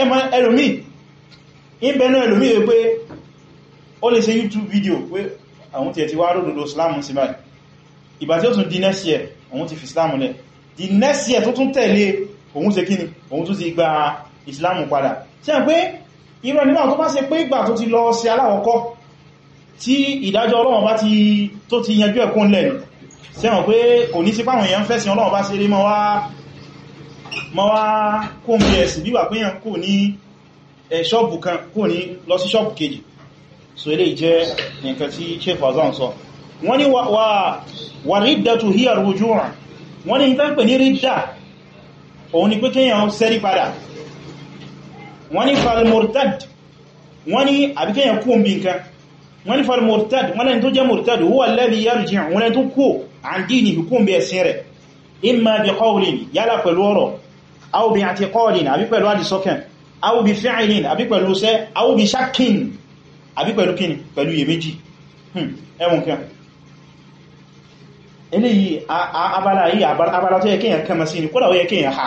ẹmọ ẹlòmí in bẹnu ẹlòmí rẹ pé youtube video pé àwọn tiẹ̀ ti wá ròdòdó islam sí báyìí ìgbà tí ó tún di next year òun ti fi islam lẹ̀ di next year tó tún tẹ̀lé òun ṣe kíni òun tún ti gba islam padà ṣe pé tí ìdájọ́ ọlọ́run bá tó ti yanjú ẹ̀kún lẹ̀ sẹ́wọ̀n pé kò ní sí páwọn èèyàn fẹ́sìn ọlọ́run bá ṣe rí mọ́ wá kó mú ẹ̀sì bíwà pé yàn kò ní ṣọ́ọ̀bù kan kò ní lọ sí ṣọ́ọ̀bù kejì so ilé jẹ́ nǹkan tí Sheikh wọ́n ni àbíkẹ́yàn kú omi nǹkan wọ́n ní falmurtad wọ́n lẹ́ni tó jẹ́ murtad huwa alladhi yarji'u wọ́n lẹ́ni tó kó àndínì hukun bí ẹ̀sìn rẹ̀ imma bi qawlin yálà pẹ̀lú ọ̀rọ̀ aw bi i'tiqadin àbí pẹ̀lú àdìsọ́kàn aw bi fi'lin àbí pẹ̀lú sẹ́ aw bi shakkin àbí pẹ̀lú kíni pẹ̀lú iyèméjì hmm, ẹwùn kan eléyìí abala yìí abala tó yẹ kéèyàn kama sí ni kódà ó yẹ kéèyàn ha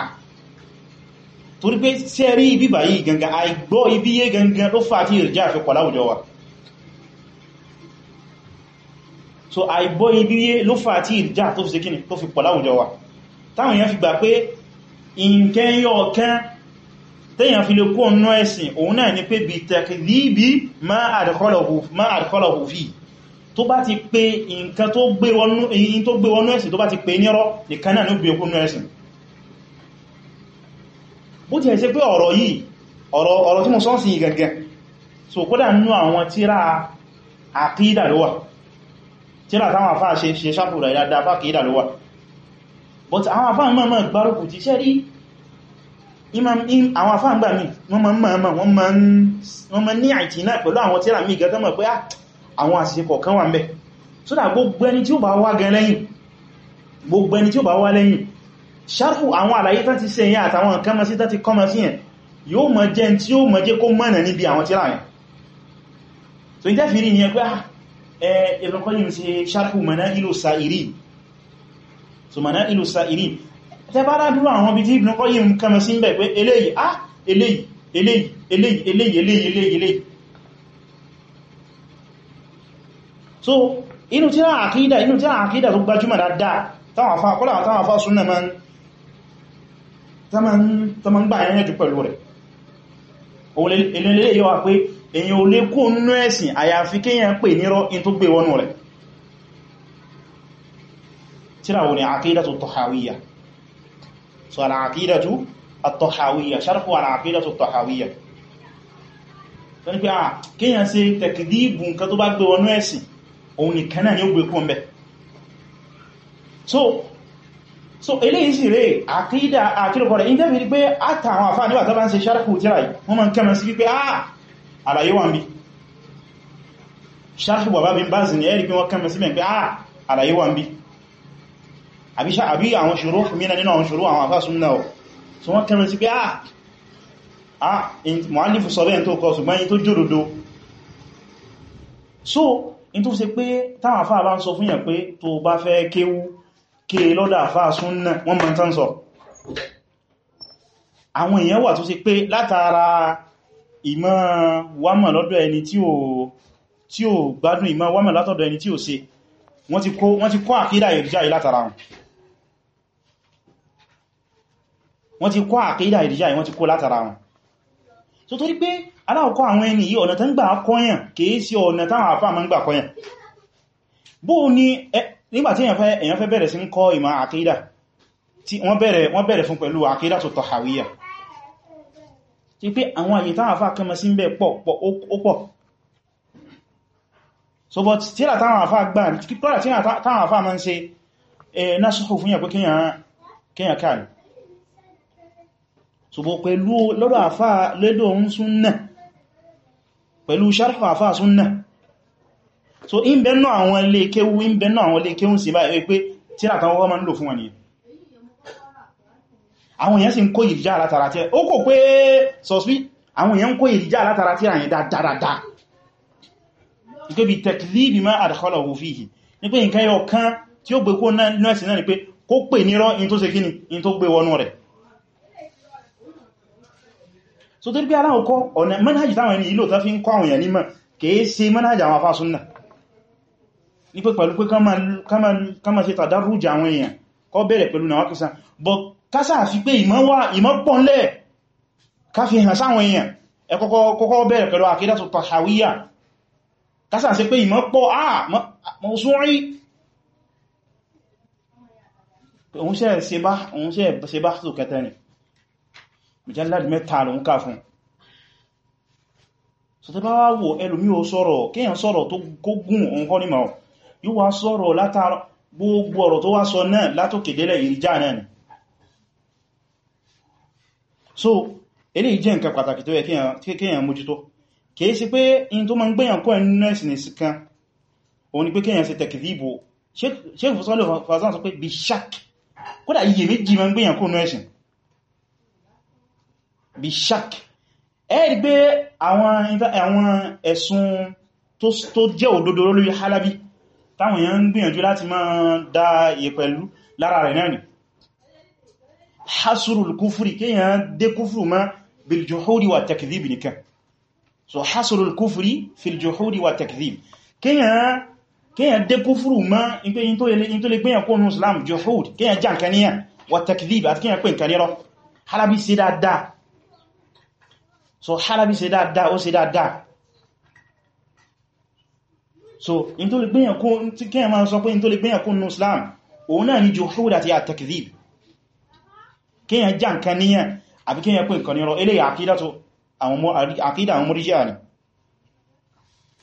torí pé sẹ́rí bíbà yìí gangan àìgbọ́ ibi yé gangan ló fà tí ìrìjá àfikọ̀ láwùjọ wa so àìgbọ́ ibíyé ló fà tí ìjà tó fi ṣe kíni tó fi pọ̀ láwùjọ wa táwọn èèyàn fi gbà pé ìǹkẹ́ yọ ọ̀kán tẹ́yàn fi lè kó ọ̀nà ẹ̀sìn òun náà ni pé bí tẹ̀kìlìbí ma àdìkọ́lọ̀hù fi tó bá ti pé nǹkan tó gbé wọnú ẹ̀sìn tó bá ti pé nírọ́ nìkan náà ní ó bí okú nú ẹ̀sìn bó ti ẹ̀ṣẹ́ so kódà nú àwọn tíra àkídà tíra táwọn àfáà ṣe ṣe ṣàpù rẹ̀ dáadáa bá kìí dàlówà but àwọn àfáà mọ́ mọ́ gbárùkù ti ṣẹ́ rí àwọn àfáà gbà mí wọ́n mọ́ mọ́ wọ́n mọ́ ní àìtì náà pẹ̀lú àwọn ah, tí ó bá jẹ́ tí ó mọ̀ jẹ́ Ibn Qayyim ṣe sharhu Manā'ilu Sā'irīn so Manā'ilu Sā'irīn tẹ bá rádúrú àwọn bí tí Ibn Qayyim kama sí bẹ̀ pé eléyìí ah eléyìí so inú tí náà àkídà inú tí náà àkídà tó gbajúmọ̀ dáadáa táwọn afá kọ́lá táwọn afá súnnà ma ń gbà ẹ̀yẹn jù pẹ̀lú rẹ̀ òun ilé yíwa pé èyàn ò lè kó nínú ẹ̀sìn àyàfi kéèyàn pè nírọ́ in tó gbé wọnú rẹ̀ tíra wọn ni àkídàtù tọ̀háwíyà so àkídàtù tọ̀háwíyà sharhu àkídàtù tọ̀háwíyà tó ní pé à ah, kéèyàn ṣe tẹ̀kìdìbù nǹkan tó bá gbé wọnú ẹ̀sìn òun nìkan náà ni ó gbé kún bẹ́ so so eléyìí sì rẹ̀ àkídà àkídàkọ̀rẹ̀ àlàyé wà ń bí ṣáàfì bàbá bí bá zì ní ẹ̀rí pé wọ́n kẹ́mẹ̀ sílẹ̀ pé àà ah, àlàyé wà ń bí àbí àwọn ṣòro mìína nínú àwọn ṣòro àwọn àfá súnmọ́ ọ̀ so wọ́n kẹ́mẹ̀ ah, ah, so in tó ṣe pé táwọn àfá bá ń sọ fún yàn pé tó bá fẹ́ kéwú ké e lọ́dà mọ̀ tán sọ àwọn èèyàn wà tó ṣe pé látara ìmọ̀ wámọ̀ lọ́dọ̀ ẹni tí ó gbádùn ìmọ̀ wámọ̀ látọ̀dọ̀ ẹni tí ó ṣe wọ́n ti kọ́ àkídà ìrìjá yìí látara wọn wọ́n ti kọ́ àkídà ìrìjá yìí wọ́n ti kọ́ látara wọn so torí pé aláwọ̀kọ́ àwọn ẹni yìí ọ̀nà tó ń gbà kọ́yàn kìí sí ọ̀nà táwọn àfáà ma ń gbà kọ́yàn bó ní nígbàtí èyàn fẹ́ bẹ̀rẹ̀ sí ń kọ́ ìmọ̀ tí pé àwọn àyè táwọn àfáà kẹmọ sí ń bẹ̀ pọ̀ ó pọ̀ so but tíra táwọn àfáà gbà kọ́lá tíra táwọn àfáà ma ń ṣe násùkò fún yà pé kíyàn káàlù ṣùgbọ́n pẹ̀lú lọ́dọ̀ àfáà lẹ́dọ̀ ń súnnà pẹ̀lú sharfa àfáà súnnà so in bẹ́ẹ̀ náà àwọn ilé kéwú in bẹ́ẹ̀ náà àwọn ilé kéwú sí báyìí pé tíra kan wọ́n ma ń lò àwọn èèyàn sì ń kó ìrìjá látara tí ó kò pé sọ̀sí àwọn èèyàn ń kó ìrìjá látara tí àyìn dáadáa ìkébi tẹ̀kìlìbì máa àdàkọ́lọ̀ òfìhì ní pé nǹkan yọ kán tí ó gbé nọ́ẹ̀sì náà ni pé kó pè nírọ́ in tó ṣe kíni in tó gbé wọnú rẹ̀ so tó rí bí aláwọ̀kọ́ ọ̀nà manhajì táwọn ẹni ìlò tán fi ń kọ́ àwọn èèyàn nímọ̀ kìí ṣe manhajì àwọn afá súnnà ní pé pẹ̀lú pé ká máa kásà fi pé ìmọ̀ pọ̀nlẹ̀ káfí hàn sáwọn èèyàn ẹkọ́kọ́ bẹ̀rẹ̀ pẹ̀lú àkídàtù tàhàwíyà kásà sí pé ìmọ̀ pọ̀ àà mọ̀súnrí òun ṣe bá tó kẹta ni mujallad mẹ́ta lòun ká fún so tẹ́ bá wá wò ẹlòmí o sọ̀rọ̀ kíyàn sọ̀rọ̀ tó gún òun kọ́ ní ma yíwa gbogbo ọ̀rọ̀ tó wá sọ náà látòkèdélẹ̀ ìrìjá náà so eléyìí jẹ́ nǹkan pàtàkì tó yẹ kéèyàn mójútó kìí sí pé in tó ma ń gbéyàn kọ́ ẹnu náà sínú kan òun ni pé kéèyàn ṣe tẹ̀kìdìbò ṣe fòsánlẹ̀ fàzán sọ bi bí shak kódà iye méjì ma ń gbéyàn kọ́ ẹnu ẹ̀sìn bí shak ẹ́rì pé àwọn ẹ̀sùn tó jẹ́ òdodo lórí halabi táwọn èèyàn ń lati láti máa dá iye pẹ̀lú lára rẹ̀ ni hasrul kufri kíyàn dé kúfù ma bil juhuri wa takdhib nìkan so hasrul kufri fil juhuri wa takdhib kíyàn dé kúfù ma in pé yí tó lè gbìyàn kónú islam juhuri kíyàn já nǹkan níyàn wa takdhib àti kíyàn pé nǹkan nírọ́ halabi ṣe dáadáa so halabi ṣe dáadáa ó ṣe dáadáa so in tó lè gbìyàn kónú islam òun náà ni juhuri àti at-takdhib kíyàn já nǹkan níyàn àbí kíyàn pé nǹkan nírọ eléyà àkídà àwọn mọ́ríjíà ni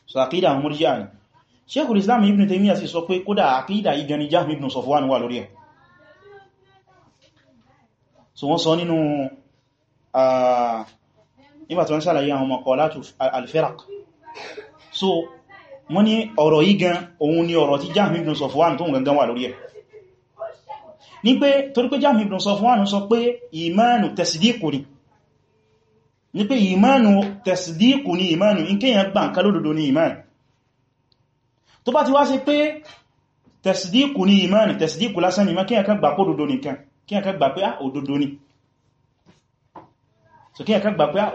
so àkídà àwọn mọ́ríjíà ni Sheikhul Islam Ibn Taymiyyah sì sọ pé kódà àkídà igan ni Jahm ibn Safwan wà lórí ẹ̀ so wọ́n sọ nínú nígbà tó ń àwọn maqalatu ní pé torí pé Jahmi ibn Safwan sọ pé ìmánu tẹ̀sìdíkù ni ní pé ìmánu tẹ̀sìdíkù ni ìmánu in kíyàn gbà nǹkan lódodo ni ìmánu tó bá ti wá sí pé tẹ̀sìdíkù ni ìmánu tẹ̀sìdíkù lásán ni kíyàn kan gbà kó gbà pé ah òdodo so kíyàn kan gbà ah,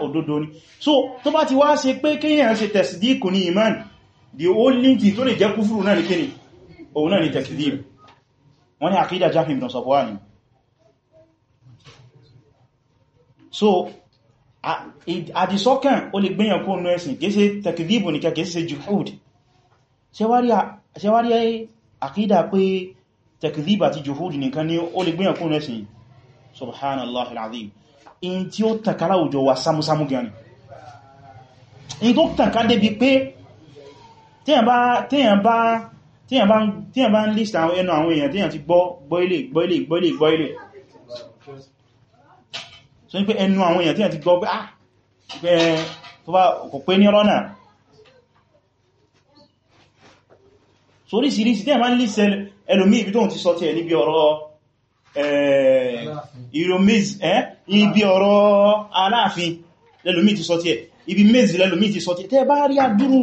so tó bá ti wá sí pé kíyàn ṣe tẹ̀sìdíkù ni ìmánu the only thing tó lè jẹ́ wọ́n ní àkídà Jahmi ibn Safwan ni so àdìsọ́kàn ó lè gbìyàn kó nú ẹ̀sìn kéèsè takdhibu ní kéèsè juhud ṣe wárí àkídà pé takdhib àti juhud nìkan ni ó lè gbìyàn kó nú ẹ̀sìn subhanallah alazim in tí ó tàn kálá gani in tó tàn ká débi tí yàn bá ń list àwọn ẹnu àwọn èèyàn tí yàn ti gbọ́ gbọ́ilé gbọ́ilé gbọ́ilé gbọ́ilé so ní pé ẹnu àwọn èèyàn tí yàn ti gbọ́ ah, pé tó bá kò pé ní ọ̀rọ̀ náà so orísìírísìí tí yàn bá ń list ẹlòmí ibi tó ń ti sọ tí ẹ níbi ọ̀rọ̀ ibi ọ̀rọ̀ aláàfin lẹ́lòmí ti sọ tí ẹ ibi maize lẹ́lòmí ti sọ tí ẹ tẹ́ bá rí adúrú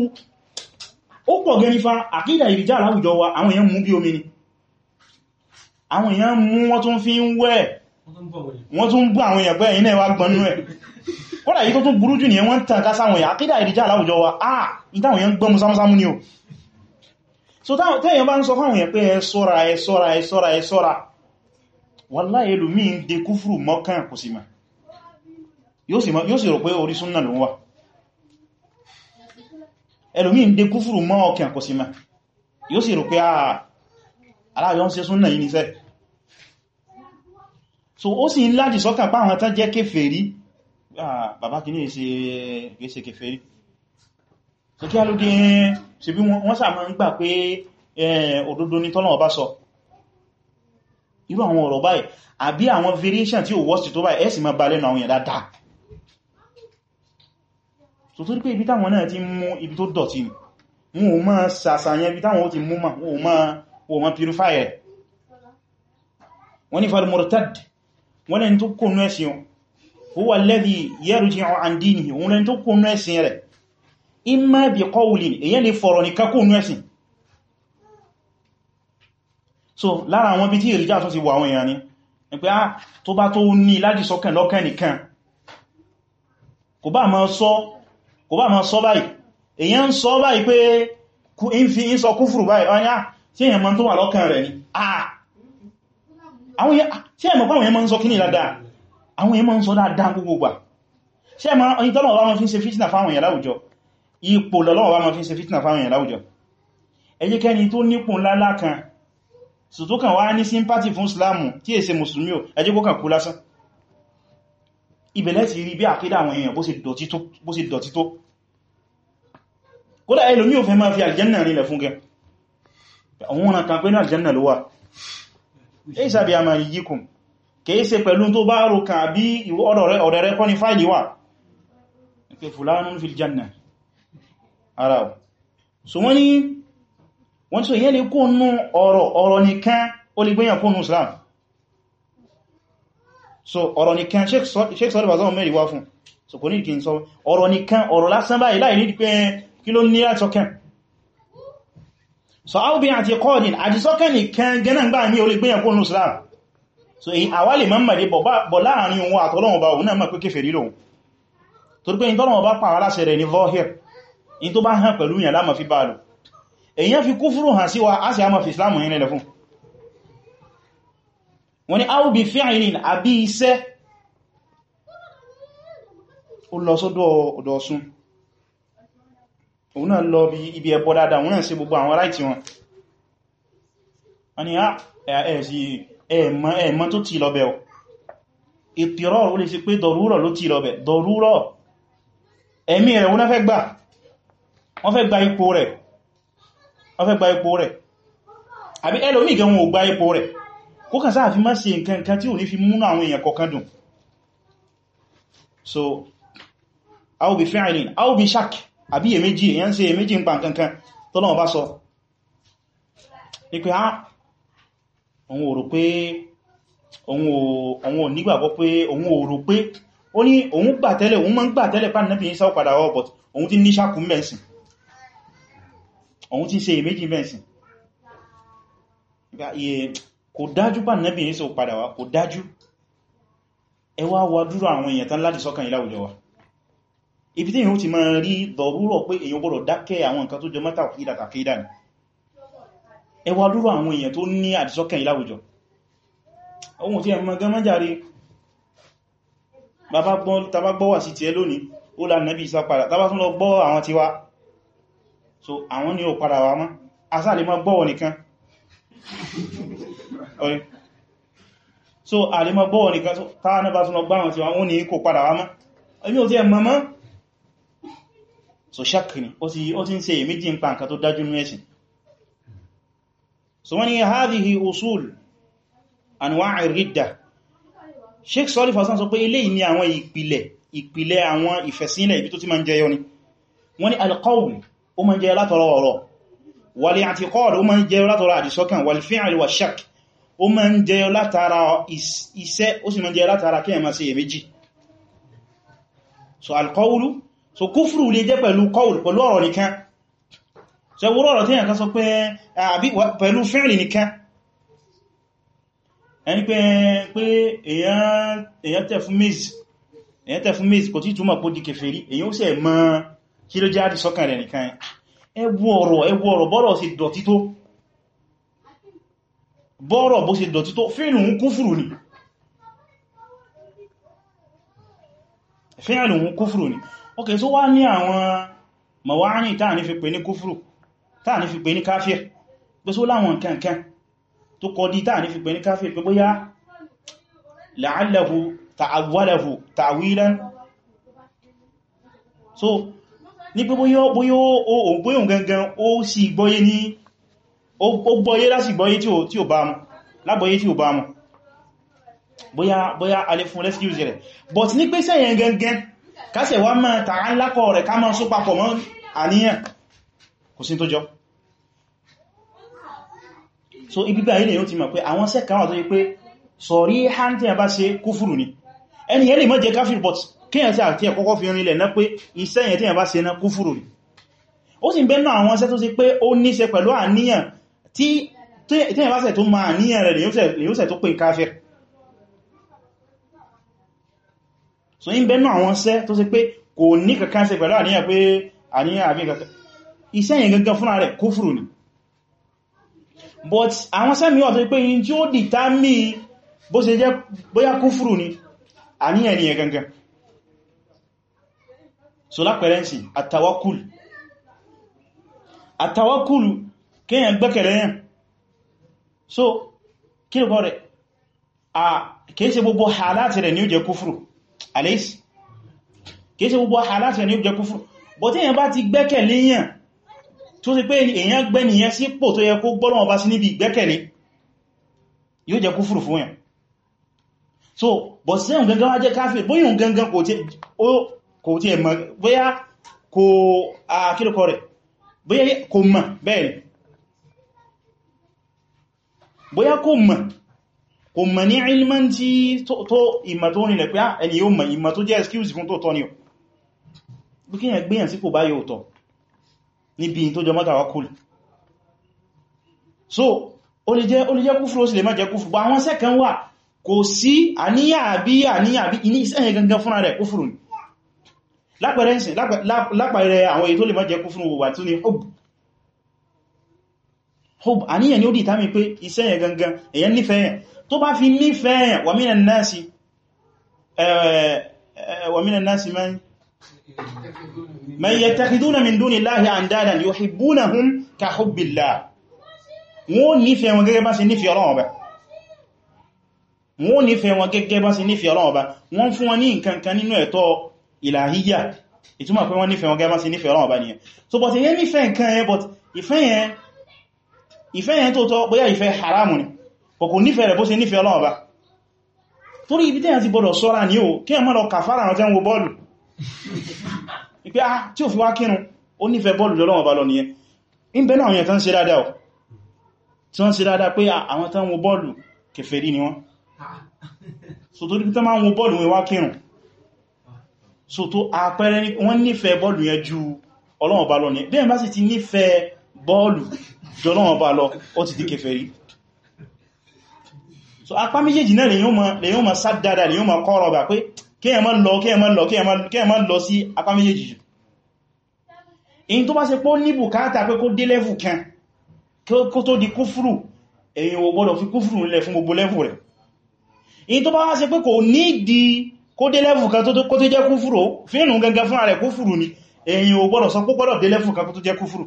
ó pọ̀ gẹ́ nífà àkídà ìrìjá aláwùjọ wa àwọn èèyàn mú bí omi ni àwọn èèyàn mú wọ́n tún fi ń wẹ̀ wọ́n tún bú àwọn èèyàn pé ẹ̀yin náà wá gbọnú ẹ̀ kódà yí tó tún burú jù ní wọ́n tàn ká sáwọn ah ìtàwọn èèyàn gbọ́mù sámúsámú so tẹ́yàn bá ń sọ fáwọn èèyàn pé ẹ ṣọ́ra ẹ ṣọ́ra ẹ ṣọ́ra ẹ ṣọ́ra wallahi ẹlòmíì ń ẹlòmí ń dé kúfùrù mọ́ ọkàn kò sí mẹ́ yóò sì rò pé ah, aláyọ́ ń ṣe súnnà yìí nífẹ́ so ó sì ń láti sọ́kàn pa àwọn tán jẹ́ kèfèrí ah, bàbá kì ní ṣe kèfèrí so kí a ló dé ṣe bí wọ́n sàmọ́ ń gbà pé òdodo ni tọ́lọ̀ ọba sọ irú àwọn ọ̀rọ̀ báyìí àbí àwọn variation tí ó worst tó báyìí ẹ sì máa balẹ̀ nà àwọn èèyàn so torí pé ibi táwọn náà ti mú ibi tó dọ̀tí ni wọn ò máa sàṣàyàn ibi táwọn ó ti mú ma wọn ò máa purify ẹ̀ wọ́n ni falmurtad wọ́n lẹ́ni tó kónú ẹ̀sìn huwa alladhi yarji'u an dinihi wọ́n lẹ́ni tó kónú ẹ̀sìn rẹ̀ imma bi qawlin so lára àwọn bí tí ìrìjá tó ti ni pé á ah, tó bá tó ní kò bá máa sọ kò bá ma sọ báyìí èyàn ń sọ báyìí pé in fi in sọ kúfùrù báyìí ọ̀yá tí èyàn ma tó wà lọ́kàn rẹ̀ ni ṣe ẹ̀mọ̀ pàwọn èyàn ma ń sọ kíní dáadáa àwọn èyàn ma ń sọ dáadáa gbogbo gbà ṣe ẹ̀mọ̀ ọ̀yìn tọ́lọ̀ wá ma fi ń ṣe fitna fáwọn èyàn láwùjọ ipò lọ́lọ́wọ́ wá ma fi ibẹ̀lẹ̀ ti rí bí àkídà àwọn èèyàn bó sì dọ̀tí tó kódà ẹlòmí ò fẹ́ máa fi aljanna rílẹ̀ fún kẹ àwọn ọ̀nà kan pé ní aljanna ló wà èyí sàbí a máa yí kùn kìí pẹ̀lú tó bá rò kàn àbí ọ̀rẹ́ rẹ fáìlì wà pé fulanun fil janna ara ọ̀ so wọ́n ni wọ́n tí ó yẹ́ lè kó nú ọ̀rọ̀ ọ̀rọ̀ nìkan ó lè gbéyàn kó nú Islam so ọ̀rọ̀ nìkan sheik sọ́lẹ̀ bàzọ́ mẹ́rin wá fún so kò ní ìkí sọ ọ̀rọ̀ nìkan ọ̀rọ̀ lásán báyìí láì ní pé kí ló ní àtọ́kàn so áwọ́bí àti kọ́ọ̀dìn àdìsọ́kàn nìkan gẹ́nà gbà ní orí gbìyàn kó so èyí àwálè mọ́mọ̀dé bọ̀ láàrin ohun àtọ́lọ́wọ̀n bá òun náà mọ̀ pé kéfèé rí lòun torí pé ìtọ́lọ̀wọ̀n bá pàwọn aláṣẹ rẹ̀ ní vọ́hìr in tó bá wa á sì á mọ̀ wọ́n ni a ó bí fíìrìn àbí iṣẹ́ ó lọ sọ́dọ̀ ọ̀dọ̀ Ọ̀ṣun òun náà lọ bí ibi ẹbọ dáadáa òun náà ṣe gbogbo àwọn ráìtì wọn wọ́n ni ẹ̀ẹ̀mọ́ tó ti lọ́bẹ̀ ọ̀ ìpìrọ̀ ó lè ṣe pé dọ̀rúrọ̀ ló ti lọ́bẹ̀ dọ̀rúrọ̀ ẹ̀mí rẹ̀ wọ́n fẹ́ gbà wọ́n fẹ́ gba ipò rẹ̀ àbí ẹlòmíì gan wọn ò gba ipò rẹ̀ kó kàn sáà fi má ṣe nǹkan nǹkan tí ò ní fi múnú àwọn èèyàn kọ̀kan dùn so aw bi fi'lin aw bi shak àbí èméjì èyàn ṣe èméjì ń pa nǹkan kan tọ́lọ́wọ́ bá sọ ní pé ha ah, òun ò rò pé òun ò nígbàgbọ́ pé òun ò rò pé ó ní òun gbà tẹ́lẹ̀ òun máa ń gbà tẹ́lẹ̀ pàdé náà bí i sáwọ́ padà kò dájú pa nẹ́bì ní sọ padà wá kò dájú ẹ wá wá dúró àwọn èèyàn tán láti sọ́kàn ìláwùjọ wa ibi tí èyàn ti máa rí dọ̀rúrọ̀ pé èyàn gbọ́dọ̀ dákẹ́ àwọn nǹkan tó jẹ mọ́ta òkìdà ni ẹ wá dúró àwọn èèyàn tó ní àdìsọ́kàn ìláwùjọ ohun tí ẹmọ gan mọ́járe bàbá gbọ́ wà so àwọn ni ó padà wá mọ́ asá gbọ́wọ̀ nìkan So, so àlèmọ̀ bọ́ọ̀ nìkan táà náà bá tún ọgbà àwọn tí wọ́n ní kò padà wá mọ́ ẹbí ò tí ẹ mọ́mọ́ so ṣakì ni ó ti ń ṣe èméjì ń pa nǹkan tó dájú ní ẹ̀sìn so wọ́n ni hadhihi usul anwa'i ridda sheik sọ́lì fasan sọ pé eléyìí ni ni wọ́n ni alqawl ó ma ń jẹyọ látọ̀rọ̀ ọ̀rọ̀ wal i'tiqad ó ma ń jẹyọ látọ̀rọ̀ àdìsọ́kàn wal ó máa ń jẹyọ látara iṣẹ́ ó sì máa ń jẹyọ látara kí ẹ máa ṣe èméjì so alkọ́wùlú so kúfùrù lè jẹ́ pẹ̀lú kọ́wùlù pẹ̀lú ọ̀rọ̀ nìkan so ewúrọ̀ ọ̀rọ̀ tí yàn kan sọ pé àbí pẹ̀lú fẹ́rìn nìkan ẹni pé èyàn tẹ̀ fún maize èyàn tẹ̀ fún maize kò tí túnmọ̀ pó di kèfèrí èyàn ó sì mọ́ kí ló jáde sọ́kàn nìkan ẹwú ọ̀rọ̀ ẹwú ọ̀rọ̀ bọ́rọ̀ sí dọ̀tí tó bọ́rọ̀ bó ṣe dọ̀tí tó fíìlù ń kúfùrù ni fíìlù ń kúfùrù ni ok so wá ní àwọn mawani táà ní fi pè ní kúfùrù táà ní fi pè ní káfíẹ̀ pé só láwọn kankan tó kọ dí táà ní fi pè ní káfíẹ̀ pé bóyá la'allahu ta'awwalahu ta'wilan so ní pé bóyá òun ó gbọ́yé lásì gbọ́yé tí ó bá mú lágbọ́yé tí ó bá mú bóyá bóyá alifun rescue rẹ̀ but ní pé sẹ́yẹn gẹngẹn kásẹ̀ wá máa tàà lákọ̀ rẹ̀ ká máa só papọ̀ mọ́ àníyàn kò sí tó jọ so ibígbà ilẹ̀ yóò ti mọ̀ pé àwọn sẹ́kà wà tó yí pé sọ̀rí hàntíyàn bá ṣe kúfùrù ni ẹni ẹni mọ́ jẹ káfíìr but kíyàn sí àti ẹ̀kọ́kọ́ fi rinlẹ̀ náà pé iṣẹ́ yẹn tíyàn bá ṣe náà kúfùrù ni ó sì ń bẹ́ẹ̀ náà àwọn iṣẹ́ tó ṣe pé ó níṣe pẹ̀lú àníyàn tí tẹ́yìn bá sẹ̀ tó máa ní ẹ̀rẹ̀ ni yóò sẹ̀ tó pè káfir so in bẹ́nu àwọn sẹ́ tó ṣe pé kò ní kankan ṣe pẹ̀lú àníyàn pé àníyàn àbí kankan iṣẹ́ yẹn gangan fúnra but àwọn sẹ́mi wà tó pé in tí ó dìtà mí bó ṣe jẹ́ bóyá kúfùrù ni àníyàn ni yẹn gangan so lápẹ̀rẹ́nsì àtàwákùlù àtàwákùlù kíyàn gbẹ́kẹ̀lẹ́ yàn so kí lùkọ́ rẹ̀ a kìí ṣe gbogbo haláti rẹ̀ ní ó jẹ kúfùrù aléìsì kìí ṣe gbogbo haláti rẹ̀ ní ó jẹ kúfùrù bọ̀ tí èyàn bá ti gbẹ́kẹ̀lé yàn tó sì pé èyàn gbẹ́ nìyàn sí pò tó yẹ kó gbọ́rọ̀ ọba sí níbi so bọ̀ sí ẹ̀hùn gangan wá jẹ́ káfí bóyùn gangan kò tí ẹ̀mọ̀ bóyá kò àkílùkọ rẹ̀ bóyá bóyá kò mọ̀ kò mọ̀ ní ilman tí tó ìmọ̀ tó nílẹ̀ pé ah, ẹni yóò mọ̀ ìmọ̀ tó jẹ́ excuse fún tó tọ́ ni bí kíyàn gbéyàn sí kò bá yóò tọ̀ níbi tó jọ mọ́ta wákùl so ó lè jẹ́ ó lè jẹ́ kúfúrú ó sì lè má jẹ́ kúfúrú bá àwọn sẹ́kàn wà kò sí àníyàn àbí àníyàn àbí iní ìsẹ́yìn gangan fúnra hub àníyàn ni ó dìtà mi pé iṣẹ́ yẹn gangan èyàn nífẹ̀ẹ́ yẹn tó bá fi nífẹ̀ẹ́ yẹn wa minan nasi wa minan nasi man yattakhiduna min dunillahi andadan yuhibbunahum ka hubbillah wọ́n nífẹ̀ẹ́ wọn gẹ́gẹ́ bá ṣe nífẹ̀ẹ́ Ọlọ́run Ọba wọ́n nífẹ̀ẹ́ wọn gẹ́gẹ́ bá ṣe nífẹ̀ẹ́ Ọlọ́run Ọba wọ́n fún wọn ní nǹkan kan nínú ẹ̀tọ́ ìlàhíyà ìtumọ̀ pé wọ́n nífẹ̀ẹ́ wọn gẹ́gẹ́ bá ṣe nífẹ̀ẹ́ Ọlọ́run Ọba nìyẹn so but èyẹ nífẹ̀ẹ́ nǹkan yẹn but ìfẹ́ yẹn ìfẹ́ yẹn tó tọ́ bóyá ìfẹ́ haramu ni kòkò nífẹ́ rẹ̀ bó ṣe nífẹ́ Ọlọ́run Ọba torí ibi tẹ́yàn ti bọ́dọ̀ sọ́ra ní o kí ẹmọ́ lọ kàfàrà àwọn tẹ́wọ́ bọ́ọ̀lù ìpé ah tí ò fi wá kírun ó nífẹ́ bọ́ọ̀lù lọ́lọ́run Ọba lọ nìyẹn in bẹ́ẹ̀ náà yẹn tán ṣe dáadáa o tí wọ́n ṣe dáadáa pé ah, àwọn tán wo bọ́ọ̀lù kèfèrí ni wọ́n so tó dípítọ́ máa ń wo bọ́ọ̀lù wọn wá kírun so tó àpẹẹrẹ wọ́n nífẹ́ bọ́ọ̀lù yẹn ju Ọlọ́run Ọba lọ nìyẹn bẹ́ẹ̀ bá sì ti nífẹ́ bọ́ọ̀lù jọlọ́wọ́n bá lọ ó ti di kèfèrí so apá méjèèjì náà lè yíò ma sádádá lè yíò ma kọ́rọ̀ bà pé kéèyàn má lọ kéèyàn má lọ kéèyàn má lọ sí apá méjèèjì jù èyí tó bá ṣe pọ́ ní bùkátà pé kó dé lẹ́fù kan kó tó di kúfùrù èyí ò gbọ́dọ̀ fi kúfùrù nílẹ̀ fún gbogbo lẹ́fù rẹ̀ èyí tó bá wá ṣe pé kò ní di kó dé lẹ́fù kan kó tó jẹ́ kúfùrù fínú gangan fún ààrẹ kúfùrù ni èyí ò gbọ́dọ̀ sọ pé gbọ́dọ̀ dé lẹ́fù kan kó tó jẹ́ kúfùrù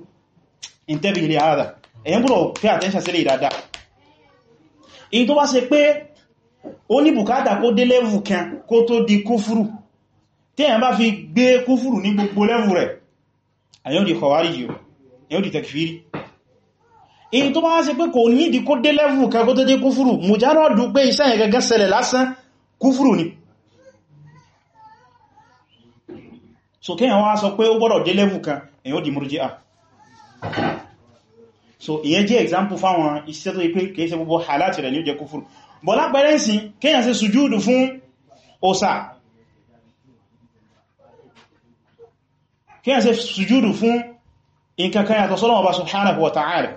ìntẹ́bì ilé àádà èyàn gbọ́dọ̀ pay attention sílé ìdádá èyí tó bá ṣe pé ó ní bùkátà kó dé lẹ́vù kan kó tó di kúfúrù tí èyàn bá fi gbé kúfúrù ní gbogbo lẹ́vù rẹ̀ èyàn di kọwárí yìí èyàn di tẹkfìrí èyí tó bá ṣe pé kò ní ìdí kan kó ni so kéèyàn wá sọ pé ó gbọ́dọ̀ dé lẹ́vù kan so ìyẹn jẹ́ example fáwọn iṣẹ́ tó ipé kìí ṣe gbogbo halati rẹ̀ ní ó jẹ́ kúfùrù bọ̀ lápẹẹrẹ sí kíyàn ṣe sùjúdù fún òsà kíyàn ṣe sùjúdù fún nǹkankan yàtọ̀ sọ́lọ́wọ́ bá subhanahu wa ta'ala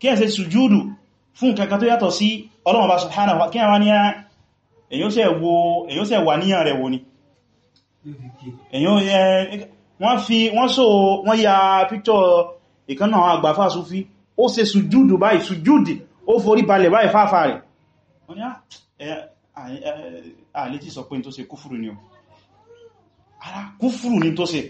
kíyàn ṣe sùjúdù fún nǹkankan tó yàtọ̀ sí ọlọ́wọ́ bá subhanahu wa kíyàn wá ní ah, eh, picture ìkan náà àgbàfà súfí ó ṣe sùjúdù báyìí sùjúdì ó forí balẹ̀ báyìí fáfà rẹ̀ wọ́n ni ah, àà lè tí sọ pé ní tó ṣe kúfùrù ni o ara kúfùrù ni tó ṣe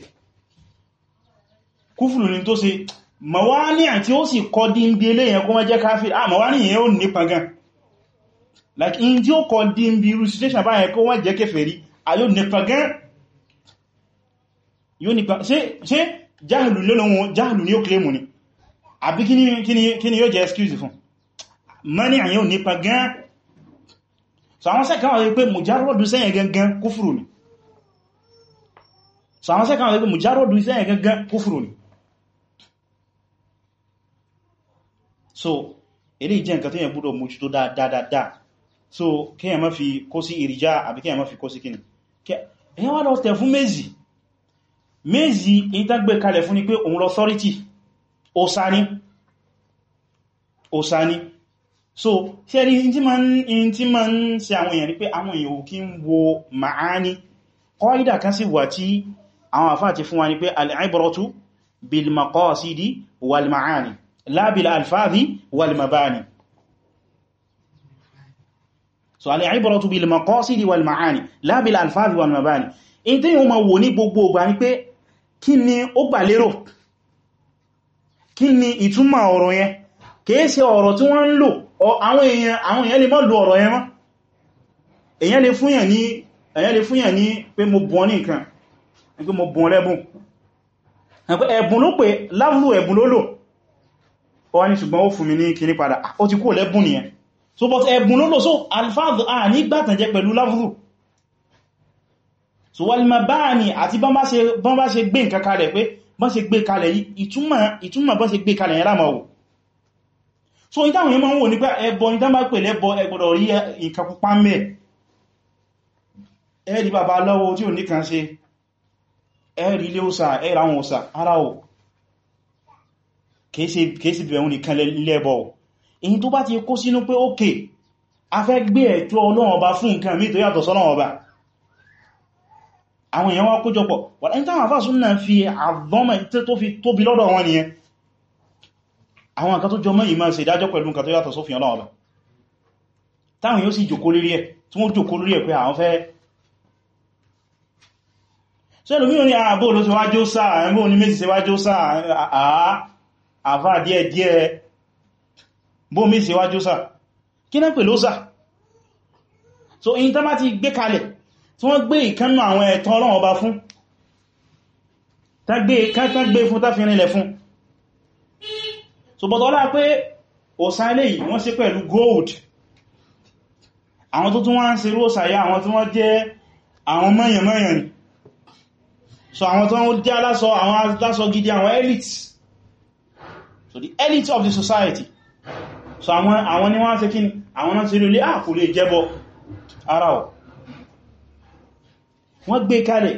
kúfùrù ni tó ṣe mawani àti ó sì kọ́ dí ń bí eléyẹn kó má jẹ́ ah mawani yẹn ó like in tí ó kọ́ dí ń bí irú situation báyẹn kó wọ́n jáàlù lọ́lọ́wọ́ jáàlù ní ó claim ní àbí kí ni yóò jẹ́ excuse fún mani àyẹ́ ò nípa gan so àwọn sẹ́kàn wọ́n pé mujarrodu sẹ́yẹn gangan kúfùrù ni so àwọn sẹ́kàn wọ́n pé mujarrodu sẹ́yẹn gangan kúfùrù ni so ilé ìjẹ́ nǹkan tó yẹn gbọ́dọ̀ mú tó dáadáa so kí ẹ má fi kó sí ìrìjá àbí kí ẹ má fi kó sí kíni ẹ̀yẹn wá lọ tẹ̀ fún méjì méjì ìdágbé kalẹ̀ fún ni pé òun lọ́thọ́rítì òsání òsání so ṣẹ́rí in tí ma ń ṣe àwọn èèyàn ní pé àwọn èèyàn ò kí ń wo ma'ani kọ́ìdà kan sì wà tí àwọn àfáà ti fún wa ní pé al'ibratu bil maqasidi wal ma'ani la bil alfazi so al'ibratu bil maqasidi wal ma'ani la bil alfazi in tí yíò ma wò ní gbogbo ìgbà ní pé kí ni ó gbà lérò kí ni ìtumọ̀ ọ̀rọ̀ yẹn kìí ṣe ọ̀rọ̀ tí wọ́n ń lò àwọn èèyàn àwọn èèyàn lè mọ́ lo ọ̀rọ̀ yẹn mọ́ èèyàn lè fúnyàn ní èèyàn lè fúnyàn ní pé mo bùn ní nǹkan pé mo bùn lẹ́bùn ẹ̀bùn ló pé láàrù ẹ̀bùn ló lò ó wá ní ṣùgbọ́n ó fún mi ní kinní padà ah, ó ti kúrò lẹ́bùn nìyẹn so but ẹ̀bùn ló lò so alfáàdù à ní gbàtànjẹ pẹ̀lú láàrù so wal mabani àti bọ́n bá ṣe gbé nǹkan kalẹ̀ pé bọ́n ṣe gbé kalẹ̀ ìtumọ̀ bọ́n ṣe gbé kalẹ̀ yẹn lámọ̀ wò so ìtàwọn yẹn máa ń wò nípa ẹbọ ní dánbà pè lẹ́bọ ẹgbọ̀dọ̀ rí nǹkan pupa mẹ́ ẹ̀rí bàbá lọ́wọ́ tí ò níkan ṣe ẹ̀rí ilé òsà ẹ̀rà àwọn òsà ara ò kèése bẹ̀rún nìkan lẹ́bọ èyí tó bá ti kó sínú àwọn èèyàn wá kójọpọ̀ wọ́n ẹni táwọn àfáà súnnà fi àzọ́mọ̀ tẹ́ tó fi tóbi lọ́dọ̀ wọn nìyẹn àwọn nǹkan tó jọ mọ́ ìmọ̀ ṣe ìdájọ́ pẹ̀lú nǹkan tó yàtọ̀ sófin Ọlọ́run ọba táwọn yóò sì jòkó lórí ẹ̀ tí wọ́n jòkó lórí ẹ̀ pé àwọn fẹ́ so ẹlòmí ò ní àbò ló ti wájó sáà ẹgbẹ́ òní méjì sí wájó sáà so in tá bá ti tí wọ́n gbé ìkánnù àwọn ẹ̀tọ́ ọlọ́run ọba fún tágbé fún táfin ilẹ̀ fún ṣùgbọ́n tọ́lá pé òsà ilé yìí wọ́n ṣe pẹ̀lú gold àwọn tó tún wọ́n ń ṣe róòsà yá àwọn tí wọ́n jẹ́ àwọn mọ́yànmọ́yàn ni so àwọn tó ń jẹ́ aláṣọ àwọn aláṣọ gidi àwọn elites so the elite of the society so àwọn ni wọ́n ṣe kí ni àwọn náà ti rí olé àkùlé ah, jẹ́bọ ara ọ̀ wọ́n gbé kalẹ̀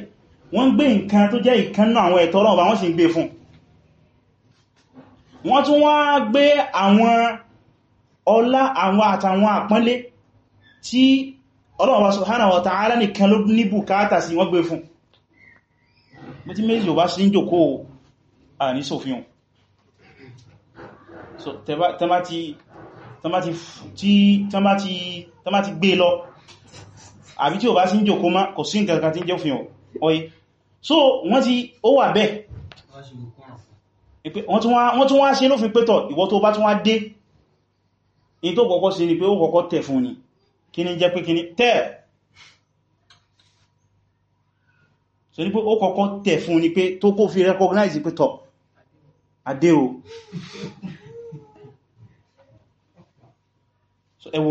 wọ́n gbé nǹkan tó jẹ́ ìkannú àwọn ẹ̀tọ́ Ọlọ́run bá wọ́n sì ń gbé fún wọ́n tún wá gbé àwọn ọlá àwọn àtàwọn àpọ́nlé tí Ọlọ́run bá subhanahu wa ta'ala nìkan ló ní bùkátà sí wọ́n gbé fún mo ti méjì ò bá sí ń jòkó à ní sòfin tẹ́má ti gbé lọ àbí tí o bá sí ń jòkó má kò sí nǹkan tí ń jẹ́ òfin ọ̀yí so wọ́n ti ó wà bẹ́ẹ̀ wọ́n tún wá ṣe lófin pétọ̀ ìwọ tó bá tún wá dé in tó kọ́kọ́ sí ni pé ó kọ́kọ́ tẹ̀ fún ni kí ni jẹ́ pé kí ni tẹ̀ so ní pé ó kọ́kọ́ tẹ̀ fún ni pé tó kó fi recognize pétọ̀ adé o so ẹwọ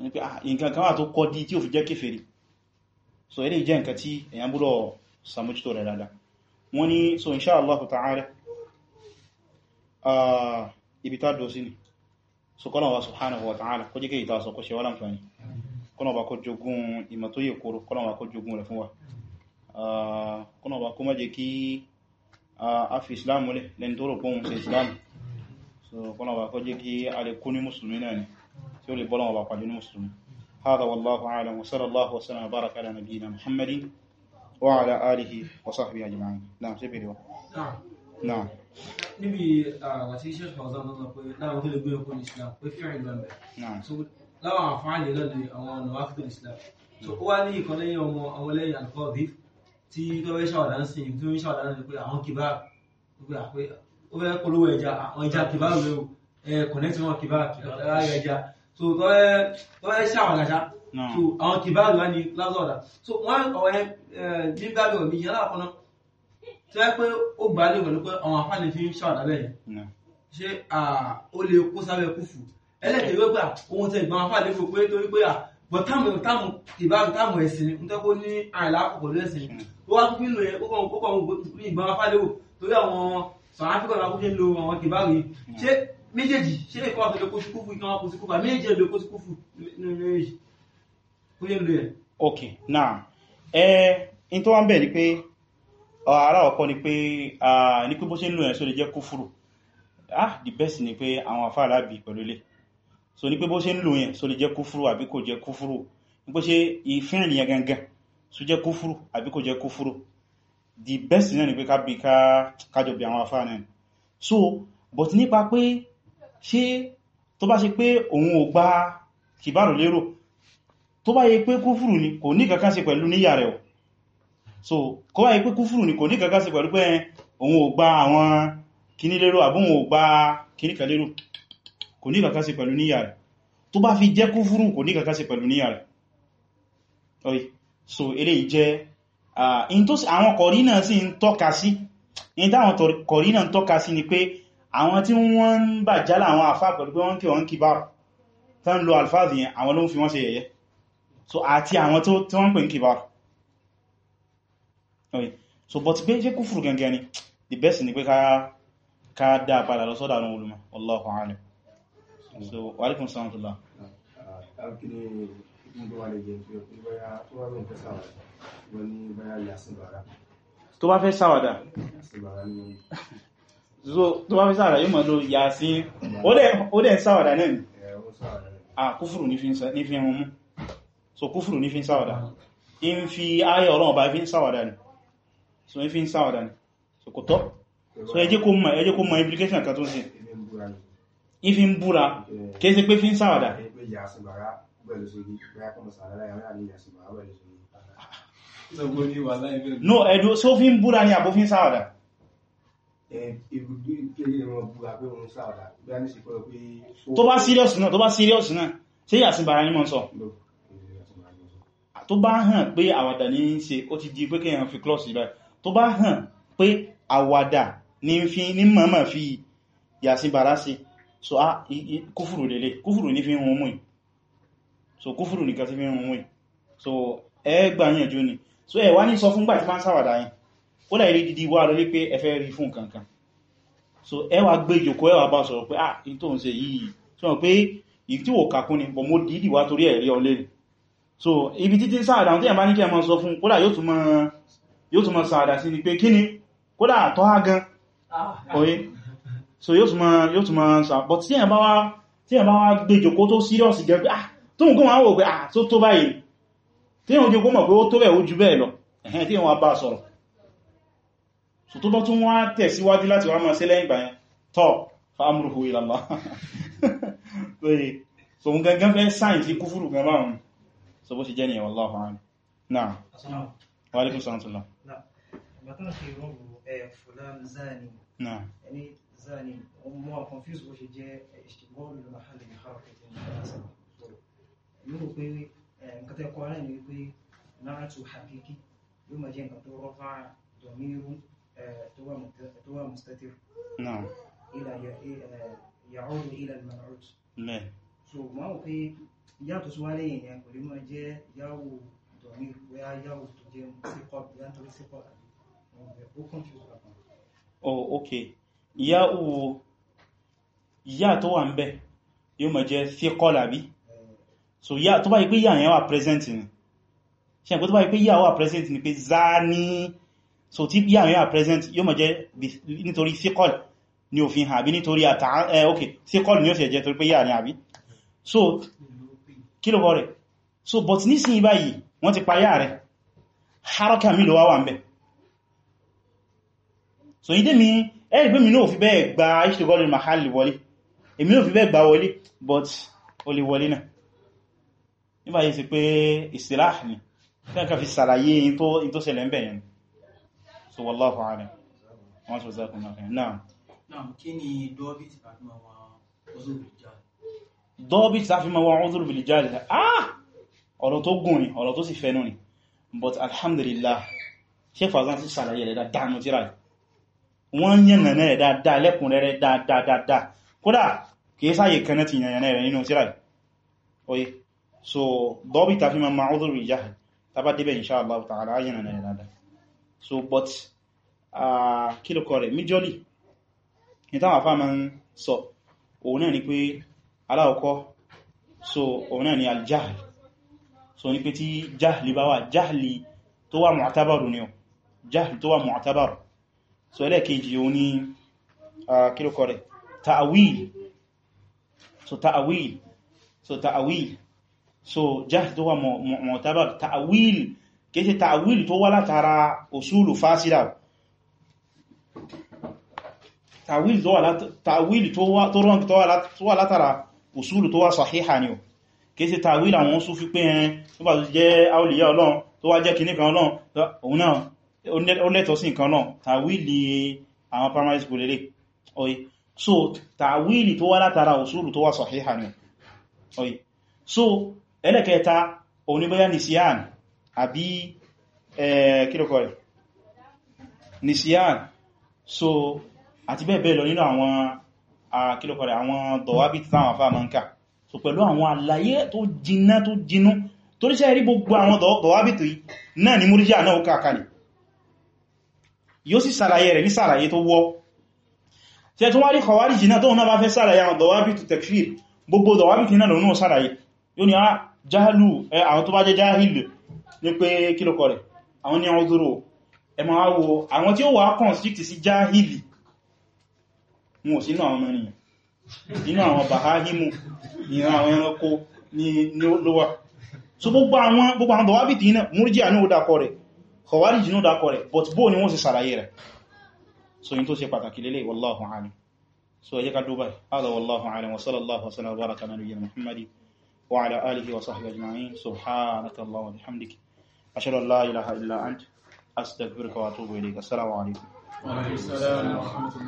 ní pé ah, nǹkan kan wà tó kọ́ dí tí ò fi jẹ́ kéfèrí so ilé jẹ́ nǹkan tí èyàn búrọ̀ sàmójútó rẹ̀ dáadáa wọ́n ní so insha Allah ta'ala ah, ibi ibita dòsí ni so kọ́nà wa subhanahu wa ta'ala kó jẹ́ kí ìta sọ kó ṣe wá láǹfààní kọ́nà wa kó jogun ìmọ̀ tó yẹ kóró kọ́nà wa kó jogun rẹ̀ fún wa ah, islam so kọ́nà wa kó jẹ́ kí a lè kú ní musulmi náà ni tí ó lè bọ́lọ́wọ́ bá pàdé mùsùlùmí هذا والله أعلم وصلى الله وسلم وبارك على نبينا محمد وعلى آله وصحبه أجمعين نعم سيبه لو نعم níbi àwàtí iṣẹ́ ṣọ̀ọ̀zán lọ́nà pé láwọn tó lè gbé ọkùnrin islam pé fẹ́rin lọ́nà láwọn àǹfààní lọ́nà àwọn ọ̀nà african islam so ó wá ní ìkan lẹ́yìn ọmọ àwọn lẹ́yìn alkọ́ọ̀bí tí tó fẹ́ ṣàwàdà ń sìn tí ó ń ṣàwàdà ń pé àwọn kìbá pé àpé ó fẹ́ polówó ẹja àwọn ẹja kìbá rẹ o ẹ kọ̀nẹ́tì wọn kìbá so tọ́yẹ tọ́yẹ ṣàwọn àṣà so àwọn kìbáàlù wá ní plaza ọ̀dà so wọ́n ọ̀rẹ́ nígbàgbé ọ̀mí yẹn láàkọ́nà tọ́ yẹ pé ó gbà á lè pẹ̀lú pé àwọn afáàní fi ń ṣàwọn àdábẹ́ yẹn ṣé ó lè kó sábẹ́ kúfù ẹlẹ́kẹ̀ẹ́ wípé pé ohun tẹ ìgbọ́n afáàní fún pé torí pé bọ̀ táàmù táàmù ìbáàmù táàmù ẹ̀sìn ní nítorí pé ó ní àìlá àkọ́kọ́ lẹ́sìn ó wá pín lóye ó kàn ó kàn ìgbọ́n afáàní wò torí àwọn sọ̀rọ̀ áfíríkà làwọn kúndé lo àwọn kìbáàlù yìí ṣé méjèèjì ṣe lè kọ́ àfẹ́ lókó sí kúfù ìkan àkùsí kúfù méjèèjì lókó sí kúfù nínú méjèèjì kú ok now ẹ́ in tó wá ń bẹ̀ ni pé ara ọkọ ni pé ní pé bó ṣe ń lò ẹ̀ṣọ́ lè jẹ́ kúfùrù ah the best ni pé àwọn afárá bí pẹ̀lú ilé so ní pé bó ṣe ń lò yẹn so lè jẹ́ kúfùrù àbí kò jẹ́ kúfùrù ní pé ṣe ìfihàn yẹn gangan so jẹ́ kúfùrù àbí kò jẹ́ kúfùrù the best náà ni pé ká bí kájọ bí àwọn afárá náà so but nípa pé ṣe tó bá ṣe pé òun ò gba kìbárò lérò tó bá yẹ pé kúfùrù ni kò ní kankan ṣe pẹ̀lú níyà rẹ̀ so kó bá yẹ pé kúfùrù ni kò ní kankan ṣe pẹ̀lú pé òun ò gba àwọn kíní lérò àbí ò gba kíní lérò kò ní kankan ṣe pẹ̀lú níyà rẹ̀ tó bá fi jẹ́ kúfùrù kò ní so eléyìí jẹ́ àwọn kọ̀rí náà sì ń tọ́ka sí ní táwọn kọ̀rí ni pé àwọn tí wọ́n ń bà jálà àwọn àfá pẹ̀lú pé wọ́n kí wọ́n kí bá tán lo alfáàdì yẹn àwọn ló ń fi wọ́n ṣe yẹ̀yẹ́ so àti àwọn tí wọ́n pè ń kí bá so but pé jẹ́ kúfùrù gangan ni the best ni pé ká dá padà lọ sọ́dọ̀ àwọn olùmọ̀ Allahu tó bá fẹ́ sáwàdà so tó bá fi sáàrà yóò mọ̀ ló yà sí ó dẹ̀ sáwàdà náà ni a kúfùrù ní fi so kúfùrù ní fi sáwàdà in fi ayẹ ọ̀rọ̀ ọba fi sáwàdà so in fi sáwàdà ni so kò so ẹjẹ́ kó mọ̀ ẹjẹ́ kó mọ̀ implication kan tó sí in fi ń búra kìí ṣe pé fi ń sáwàdà no ẹ̀dọ́ so fi ń búra ni àbó tó bá serious náà tó bá serious náà ṣe yàsí bàrá ní mọ́ sọ tó bá hàn pé àwàdà ní ń ṣe ó ti di pé kí èyàn fi klọ́sì báyìí tó bá hàn pé àwàdà ní fi ní mọ́mọ̀ fi yàsí bàrá sí so a kúfùrù lélẹ̀ kúfùrù ní fi ń mú so kúfùrù nìkan ti fi ń mú so ẹ gbà yànjú ni so ẹ wá ní sọ fún gbà tí máa ń sáwàdà yìí ó láìrí dìdí wà lórí pé ẹfẹ́ rí fún kankan so ẹ wá gbé ìjòkó ẹ wá bá sọ̀rọ̀ pé ah in tó ń ṣe yìí tí wọ́n pé ìyí tí wò kàkún ni bọ̀ mo dìídì wá torí ẹ̀rí ọlé so ibi títí sáàdà tí ẹ̀bá ní kí ẹ mọ́ sọ fún kódà yóò tún mọ́ sáàdà sí ni pé kí ni kódà tọ́ á gan oye so yóò tún mọ́ sáàdà but tí ẹ̀bá wá gbé ìjòkó tó jẹ́ pé ah tóhun kó máa wò pé ah tó tó báyìí tí ẹ̀hùn jẹ́ kó mọ̀ pé ó tó bẹ̀ ó ju bẹ́ẹ̀ lọ ẹ̀hẹ́ tí wọ́n bá sọ̀rọ̀ so tó bá tún wá tẹ̀síwájú láti wá máa ṣe lẹ́yìn ìgbàyẹn tọ́ fa'amruhu ila Allah so n gangan fẹ́ sáyìn tí kúfúrù gan báhùn so bó ṣe jẹ́ nìyàn wallahu a'lam náà wa alaikum salam tula náà yóò ma jẹ́ nǹkan tó rọ́fà dọ̀míru توا مستتر نعم إلى يعود إلى المنعوت نعم so ما هو في yàtọ̀ sí wálé yẹn kò lè máa jẹ́ yàwó dọ̀mí bóyá yàwó tó jẹ́ síkọ̀ bóyá nítorí síkọ̀ àbí ó kàn fi wà kan. oh ok yàwó yà tó wà ń bẹ̀ yóò máa jẹ́ síkọ̀ làbí so yà tó bá yí pé yà yẹn wà present ni ṣe àpótó bá yí pé yà wà present ni pé zá ní so tí bí àwọn yà present yóò mọ̀ jẹ́ nítorí síkọl ni òfin hàn bi nitori ata eh okay síkọl ni ó sì jẹ́ torí pé yà ní àbí so kí ló so but nísìnyí báyìí wọ́n ti pa yà rẹ̀ haraka mi ló wá wà ń so ìdé mi ẹ̀rì pé mi náà fi bẹ́ẹ̀ gba ìṣẹ́gọ́lù mahali wọlé èmi náà fi bẹ́ẹ̀ gba wọlé but o lè wọlé náà nígbà yìí sí pé ìsìláà ni fẹ́ẹ̀kà fi sàlàyé in tó ṣẹlẹ̀ ń bẹ̀yẹn so wallahu alam wọ́n sọ zákun náà kìí náà kí ni dọ́bìtì tàbí ma wà ọ́zọ́rù bìlì jáàlì ah ọ̀rọ̀ tó gùn ni ọ̀rọ̀ tó sì fẹ́nu ni but alhamdulillah ṣe fàzán sí sàlàyé rẹ̀ dáadáa ní tíra wọ́n yẹ̀nà rẹ̀ dáadáa lẹ́kùn rẹ̀ dáadáa kódà kìí sáyè kan ti yẹ̀nà rẹ̀ nínú tíra oye so dọ́bìtì tàbí ma wà ọ́zọ́rù bìlì jáàlì tàbá débẹ̀ insha Allah ta'ala yẹ̀nà rẹ̀ so but ah, kílùkọ rẹ̀ majorly ní táwọn afá ma ń sọ òun náà ni pé aláwọ̀kọ́ so òun náà ni aljahl so ní pé tí jahli bá wà jahli tó wà mu'tabaru ni o jahli tó wà mu'tabaru so ẹlẹ́ẹ̀kejì òun ni ah, kílùkọ rẹ̀ ta'awil so ta'awil so ta'awil so jahli tó wà mu'tabaru ta'awil kéèsì tàwílì tó wá látara òsúlù fásídà tàwílì tó rọ́nkì tó wá látara òsúlù tó wá sàhíhà ni o kéèsì tàwílì àwọn sún fi pé ẹn tó bá jẹ́ àwòlìyà ọlọ́run tó wá jẹ́ kìní kan ọlọ́run ó lẹ́tọ̀ sí nǹkan náà tàwílì àwọn primary school lélẹ̀ oye so tàwílì tó wá látara òsúlù tó wá sàhíhà ni oye so ẹlẹ́kẹta oníbẹ́yà nìsíyàn àbí eh, kílòkọ̀ rẹ̀ nisiyan so àti bẹ́ẹ̀ bẹ́ẹ̀ lọ nínú àwọn kílòkọ̀ rẹ̀ àwọn dọ̀wábí ti táwọn afá ma ń kà so pẹ̀lú àwọn àlàyé tó jiná tó jinú torí ṣe rí gbogbo àwọn dọ̀wábí tó náà ni múríjá náà ó kàkàlẹ̀ yóò sì sàlàyé rẹ̀ ní sàlàyé tó wọ́ tí ẹ tún wá rí kọwàrí jìnà tó a jáhálù àwọn tó wípé kílòkọ̀ rẹ̀ àwọn ní ọdúró ẹmọ àwọ àwọn tí ó wà constrict sí jáhìlì wọn ò sínú àwọn mẹ́rin inú àwọn bàháhímù ìran àwọn ẹranko ní lówà so gbogbo àwọn gbogbo àwọn bọ̀wábìtì iná múrjíà ní ó dákọ rẹ̀ kọwàríjì ní ó dákọ rẹ̀ but bó ni wọ́n sì sàlàyé rẹ̀ so yin tó ṣe pàtàkì lélẹ̀ wallahu alim so ẹ jẹ́ ká dubai hada wallahu alim wa sallallahu wa sallam وعلى آله وصحبه أجمعين سبحانك الله وبحمدك أشهد أن لا إله إلا أنت أستغفرك وأتوب إليك السلام عليكم وعليكم السلام ورحمة الله